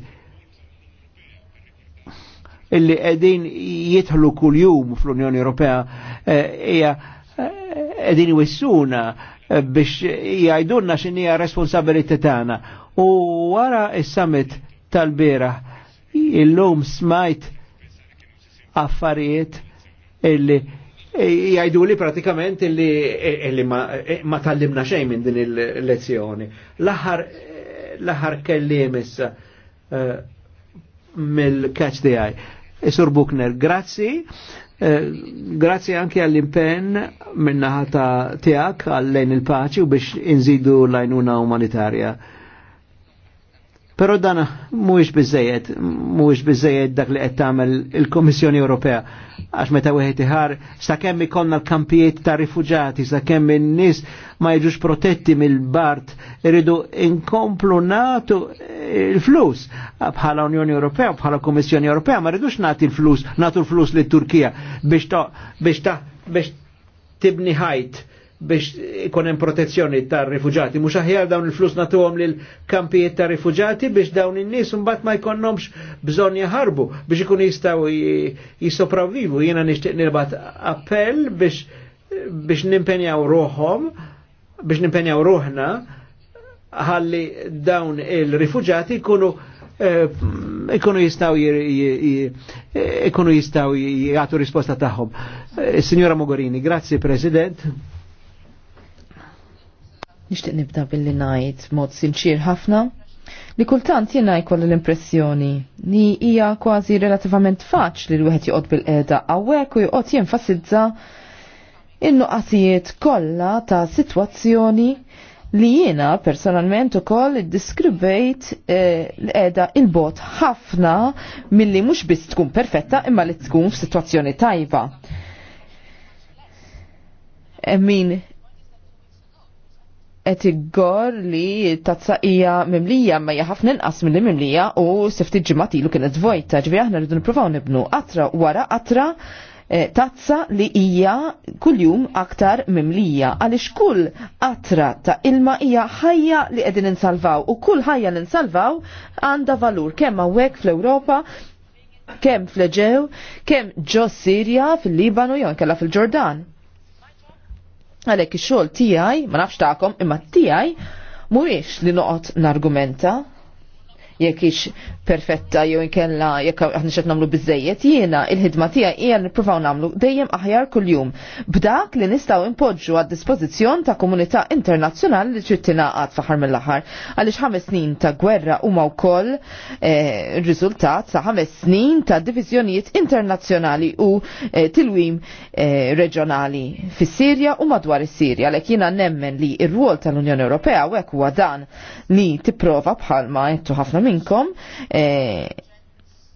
Speaker 2: illi qegħdin jidħlu kuljum fl-Unjoni Ewropea eh, hija eh, qegħdin wissuna eh, biex jgħidulna x'inhija responsabilità tagħna. U wara is-summit tal-bera illum smajt affarijiet illi jgħidu li pratikament illi, illi ma, ma tallimna xejn minn din il-lezzjoni. L-aħħar l ħar kellim issa eh, mill-catch di għaj. Isur Bukner, grazzi. Eh, grazzi anki għall-impen minnaħata tijak għall-lejn il-paċi u biex inżidu l-lajnuna umanitarja. Pero dan mhuwiex biżejjed, mhuwiex biżejjed dak li qed tagħmel il-Kummissjoni Ewropea għax meta wieħed iħar sakemm ikollna l-kampijiet ta' rifuġati, sakemm in-nies ma jiġux protetti mill-Bart, iridu inkomplu natu il-flus bħala Unjoni Ewropea, bħala Kummissjoni Ewropea, ma rridux nagħti l-flus, natu l-flus lit turkija biex ta' biex ta' biex tibni ħajt biex ikonem protezzjoni tar rifugjati. Mux aħjar dawn il-flus nagħtuhom lil kampijiet ta' rifugjati biex dawn in-nies mbagħad ma jkonnomx bżon jaharbu biex ikun jistgħu jissopravvivu. Jiena nixtieq nilbad appell biex biex nimpenjaw ruħom, biex nimpenjaw ruħna għalli dawn il rifugjati ikunu eh, ikunu jistaw ikunu jistaw jgħatu risposta taħħom. Eh, signora Mogorini, grazie President.
Speaker 5: Nixtieq nibda billi ngħid mod sinċir ħafna li kultant jiena jkollu l-impressjoni li hija kważi relativament faċli li wieħed joqgħod bil-qeda hawnhekk u joqgħod jenfasizza in-nuqqasijiet kollha ta' sitwazzjoni li jiena personalment ukoll iddiskribejt eh, l-qeda il-bot ħafna milli mhux biss tkun perfetta imma li tkun f'sitwazzjoni tajba. Emmin, et iggor li tazza hija mimlija ma hija ħafna inqas milli mimlija u sefti ġimati lu kienet vojta, ġifieri aħna rridu nippruvaw nibnu Atra wara qatra e, tazza li hija kuljum aktar mimlija għaliex kull atra ta' ilma hija ħajja li qegħdin insalvaw u kull ħajja li nsalvaw għandha valur kemm hawnhekk fl-Ewropa kemm fl ġew kemm ġo Sirja, fil-Libanu jew kella fil-Ġordan Għalhekk ix-xogħol tiegħi, ma nafx tagħkom, imma tiegħi mhuwiex li noqgħod nargumenta jekk ix perfetta jew inkella jekk aħna xed nagħmlu biżejjed jiena il-ħidma tiegħi hija nippruvaw nagħmlu dejjem aħjar kuljum b'dak li nistgħu impoġġu għad dispożizzjon ta' komunità internazzjonali li trid tingħaqad faħar mill-aħħar għaliex ħames snin ta' gwerra huma wkoll eh, riżultat sa ħames snin ta' diviżjonijiet internazzjonali u eh, tilwim eh, reġjonali fis-Sirja u madwar is-Sirja għalhekk jiena nemmen li r-rwol tal-Unjoni Ewropea u hekk huwa dan li tipprova bħalma ħafna minn minnkom eh,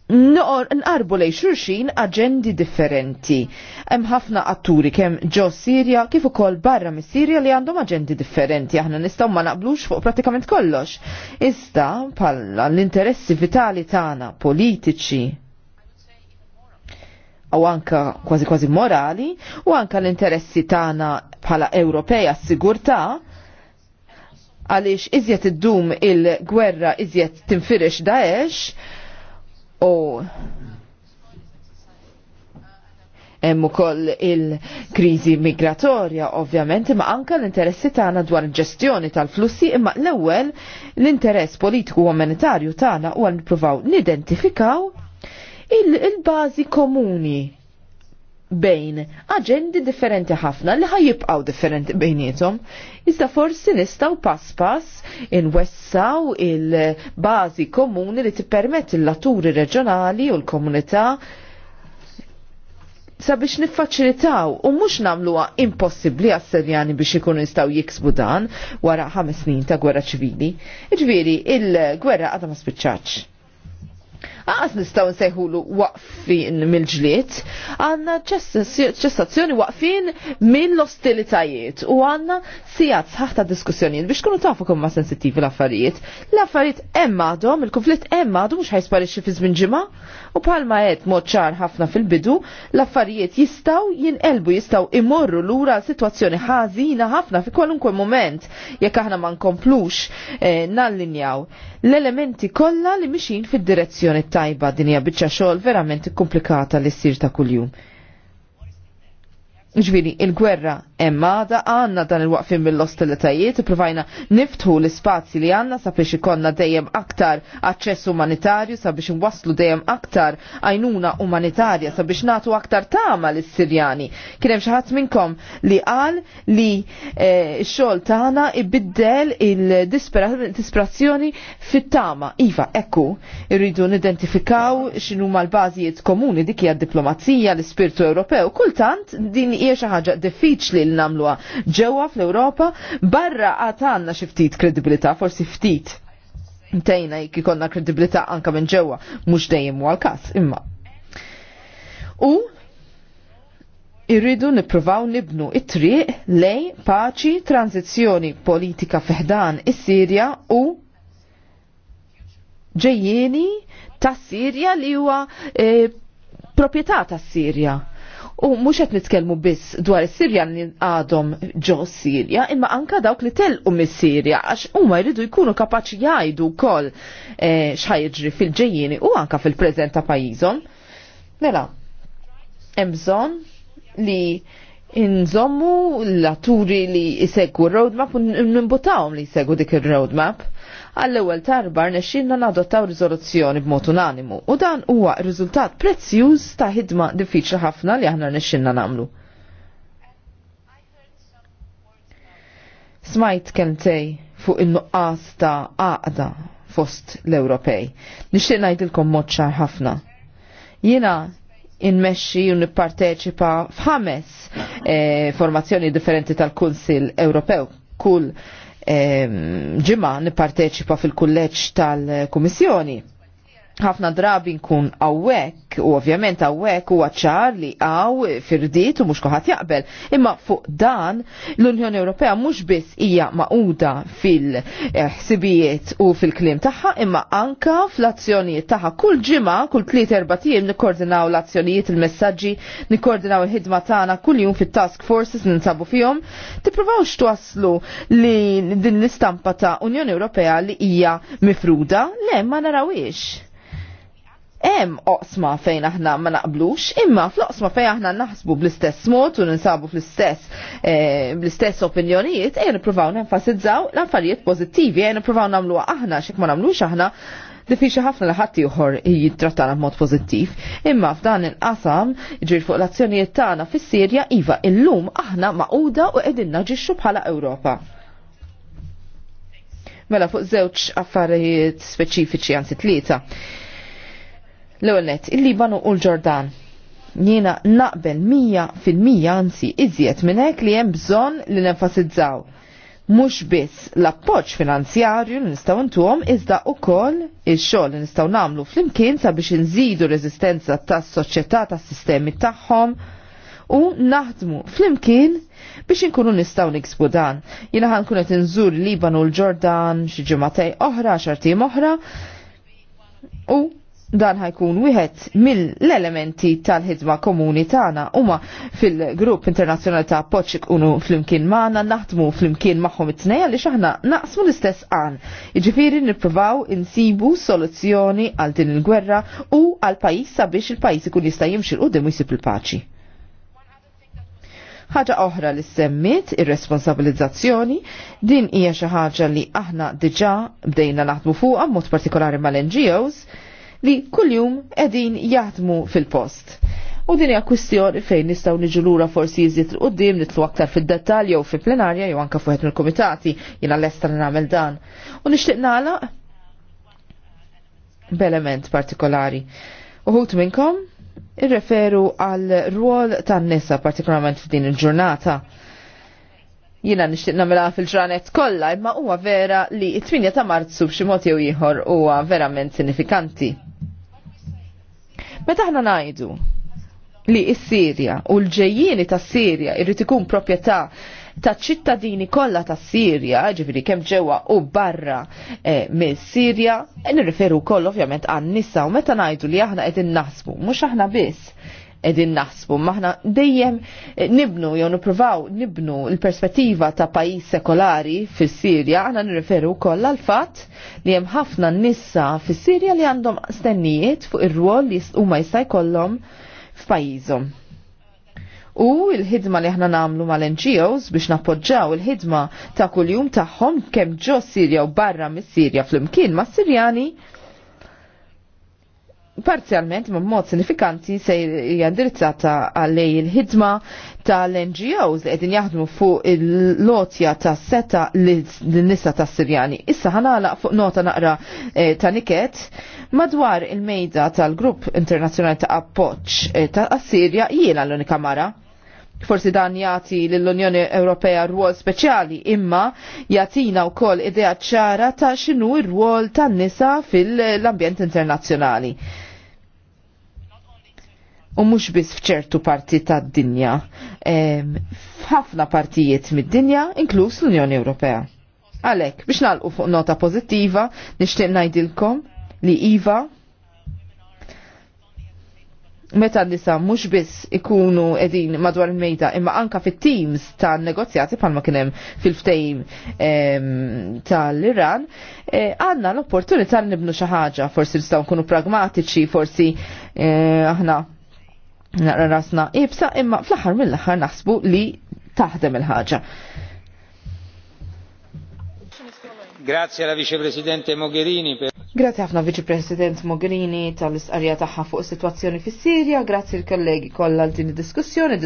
Speaker 5: nqarbu lej xurxin aġendi differenti. Hemm ħafna atturi kemm ġo Sirja kif ukoll barra mis Sirja li għandhom aġendi differenti aħna nistgħu ma naqblux fuq pratikament kollox. Iżda bħala l-interessi vitali tagħna politiċi u anka kważi kważi morali u anka l-interessi tagħna bħala Ewropej għas-sigurtà għaliex iżjed iddum il-gwerra iżjed tinfirex Daesh u hemm ukoll il-kriżi migratorja ovvjament imma anka l-interessi tagħna dwar il-ġestjoni tal-flussi imma l-ewwel l-interess politiku u umanitarju tagħna huwa nippruvaw nidentifikaw il-bażi komuni bejn aġendi differenti ħafna li ħajibqaw differenti bejnietom. Iżda forsi nistaw pass pass inwessaw il-bazi komuni li tippermet il-laturi reġjonali u l-komunità sabiex niffaċilitaw u mhux nagħmluha impossibbli għas-Serjani biex ikunu jistgħu jiksbu dan wara ħames snin ta' gwerra ċivili. Iġviri, il-gwerra għadha ma spiċċaċ għas nistaw nsejħulu waqfin mill-ġliet, għanna ċessazzjoni waqfin minn l-ostilitajiet u għanna sijat sħaħta diskussjonijiet biex kunu tafu ma sensitivi l-affarijiet. L-affarijiet emma għadhom, il-konflitt emma għadhom mux ħajsparixi fi żmien ġimgħa u bħalma għed mod ċar ħafna fil-bidu, l-affarijiet jistaw jinqelbu jistaw imorru lura situazzjoni ħażina ħafna fi kwalunkwe moment jekk aħna ma nkomplux eh, nallinjaw l-elementi kollha li mixin fid-direzzjoni tajba dinja bieċa xol verament komplikata li ssir ta' kuljum. Ġviri, il-gwerra Emma da għanna dan il waqfim mill-ostilitajiet, provajna niftħu l-spazji li għanna sabiex ikonna dejjem aktar aċċess umanitarju, sabiex nwaslu dejjem aktar għajnuna umanitarja, sabiex natu aktar tama l sirjani Kienem xaħat minnkom li għal li e, xol tana ibiddel il-disperazzjoni fit-tama. Iva, ekku, irridu nidentifikaw xinu mal-bazijiet komuni dikja diplomazija, l-spirtu Ewropew. Kultant din hija xi ħaġa diffiċli namluwa ġewwa fl-Ewropa, barra għad għandna xi ftit kredibilità, forsi ftit tejna jek ikonna kredibilità anka minn ġewwa, mhux dejjem huwa l-każ imma. U irridu nippruvaw nibnu it-triq lej paċi, tranzizjoni politika fiħdan is-Sirja u ġejjeni tas-Sirja li huwa e, proprjetà tas-Sirja U mhux qed nitkellmu biss dwar is-Sirja li għadhom ġo Sirja, imma anka dawk li telqu mis-Sirja għax huma jridu jkunu kapaċi jgħidu wkoll e, eh, x'ħajġri fil ġejjini u anka fil-preżent ta' pajjiżhom. Mela, hemm bżonn li inżommu l-atturi li jisegwu roadmap u nimbutawm li jisegwu dik il-roadmap. Għall-ewel tarbar nexxinna nadottaw rizoluzzjoni b'mod unanimu u dan huwa riżultat prezzjuż ta' ħidma diffiċli ħafna li aħna nexxinna namlu. Smajt kentej fuq in-nuqqas ta' għaqda fost l-Ewropej. Nixtieq ngħidilkom mod ħafna. Jiena inmexxi u nipparteċipa f'ħames eh, formazzjoni differenti tal-Kunsil Ewropew. Kull ehm, ġimgħa nipparteċipa fil-kulleġġ tal-Kummissjoni ħafna drabi nkun għawek, u ovvjament għawek u għacċar li għaw firdiet u mux kuħat jaqbel. Imma fuq dan, l-Unjoni Ewropea mux biss hija maquda fil-ħsibijiet u fil-klim taħħa, imma anka fl-azzjonijiet taħħa. Kull ġima, kull tliet erbatijiem nikkoordinaw l-azzjonijiet, il-messagġi, nikkoordinaw il-ħidma tagħna kull jum fit-task forces ninsabu fihom. Tippruvaw xtuaslu li din l-istampa ta' Unjoni Ewropea li hija mifruda, le ma narawiex hemm oqsma fejn aħna ma naqblux, imma fl-oqsma fejn aħna naħsbu bl-istess mod u ninsabu fl-istess eh, bl-istess opinjonijiet, ejja nippruvaw nenfasizzaw l-affarijiet pożittivi, ejja nippruvaw nagħmluha aħna x'ek ma nagħmlux aħna diffiċli ħafna li ħadd ieħor jittrattana b'mod pożittiv. Imma f'dan il-qasam, ġir fuq l-azzjonijiet tagħna fis-Sirja iva illum aħna maquda u qegħdin naġixxu bħala Ewropa. Mela fuq żewġ affarijiet speċifiċi anzi tlieta L-għonet, il-Libanu u l-Ġordan. Jiena naqbel 100% anzi iżjed minn hekk li hemm bżonn li nenfasizzaw. Mhux biss l-appoġġ finanzjarju li nistgħu ntuhom iżda wkoll il xogħol li nistgħu nagħmlu flimkien sabiex inżidu reżistenza tas-soċjetà tas-sistemi tagħhom u naħdmu flimkien biex inkunu nistgħu niksbu dan. Jiena ħankun qed inżur Libanu l-Ġordan xi ġematej oħra xartim oħra u dan ħajkun wieħed mill-elementi tal-ħidma komuni tagħna huma fil-grupp internazzjonali ta' Poċċik ikunu flimkien magħna naħdmu flimkien magħhom it-tnejn għaliex aħna naqsmu l-istess qan. Jiġifieri nippruvaw insibu soluzzjoni għal din il-gwerra u għal pajjiż sabiex il-pajjiż ikun jista' jimxi l qudiem u jsib il-paċi. Ħaġa oħra li semmit ir-responsabilizzazzjoni din hija xi ħaġa li aħna diġà bdejna naħdmu fuqha mod partikolari mal-NGOs li kuljum edin jaħdmu fil-post. U din hija kwistjoni fejn nistgħu niġu lura forsi jiżid il qudiem nitlu aktar fid dettalji jew fil plenarja jew anke fuq mill-kumitati jiena lesta li nagħmel dan. U nixtieq nagħlaq b'element partikolari. Uħut minnkom irreferu għal rwol tan-nisa partikolarment f'din il-ġurnata. Jiena nixtieq nagħmilha fil-ġranet kollha imma huwa vera li t-8 ta' Marzu b'xi mod jew ieħor huwa verament sinifikanti Meta aħna ngħidu li s-Sirja u l-ġejjieni tas-Sirja irrid ikun proprjetà ta' ċittadini kollha ta' Sirja, ġifiri kemm ġewwa u barra e, minn Sirja, nirriferu koll ovvjament għan nisa u meta ngħidu li aħna qegħdin naħsbu, mhux aħna biss edin naħsbu. Maħna dejjem eh, nibnu jew nipruvaw nibnu l-perspettiva ta' pajis sekolari fis sirja għana nirreferu koll għal fatt li hemm ħafna nissa fis sirja li għandhom stennijiet fuq ir-rwol li huma jista' jkollhom f'pajjiżhom. U il-ħidma li ħna namlu mal-NGOs biex nappoġġaw il-ħidma ta' kuljum tagħhom kemm ġo Sirja u barra mis-Sirja fl-imkien ma' Sirjani parzjalment ma' mod sinifikanti se hija indirizzata il-ħidma tal-NGOs li qegħdin jaħdmu fuq il-lotja ta' seta l nisa tas-Sirjani. Issa ħanala fuq nota naqra eh, ta' niket madwar il-mejda tal-Grupp Internazzjonali ta' Appoġġ eh, ta' Assirja jiena l-unika mara forsi dan jati l-Unjoni Ewropea rwol speċjali imma jatina u koll idea ċara ta' xinu r-rwol tan nisa fil-ambjent internazzjonali u mhux biss f'ċertu parti tad-dinja, f'ħafna partijiet mid-dinja, inkluż l-Unjoni Ewropea. Għalek, biex nalqu fuq nota pozittiva, nixtieq ngħidilkom li Iva meta nisa mhux biss ikunu qegħdin madwar il-mejda imma anka fit-teams tan negozjati bħalma kien hemm fil-ftejm tal-Iran e, għandna l-opportunità nibnu xi ħaġa, forsi nistgħu nkunu pragmatiċi, forsi e, aħna naqra rasna ibsa imma fl ħar mill ħar naħsbu li taħdem il ħagġa
Speaker 2: Grazie alla vicepresidente Mogherini. Per...
Speaker 5: Grazie ħafna viċi-president Mogherini tal-istqarrija tagħha fuq is-sitwazzjoni fis-Sirja, grazie l-kollegi kollha għal din id-diskussjoni,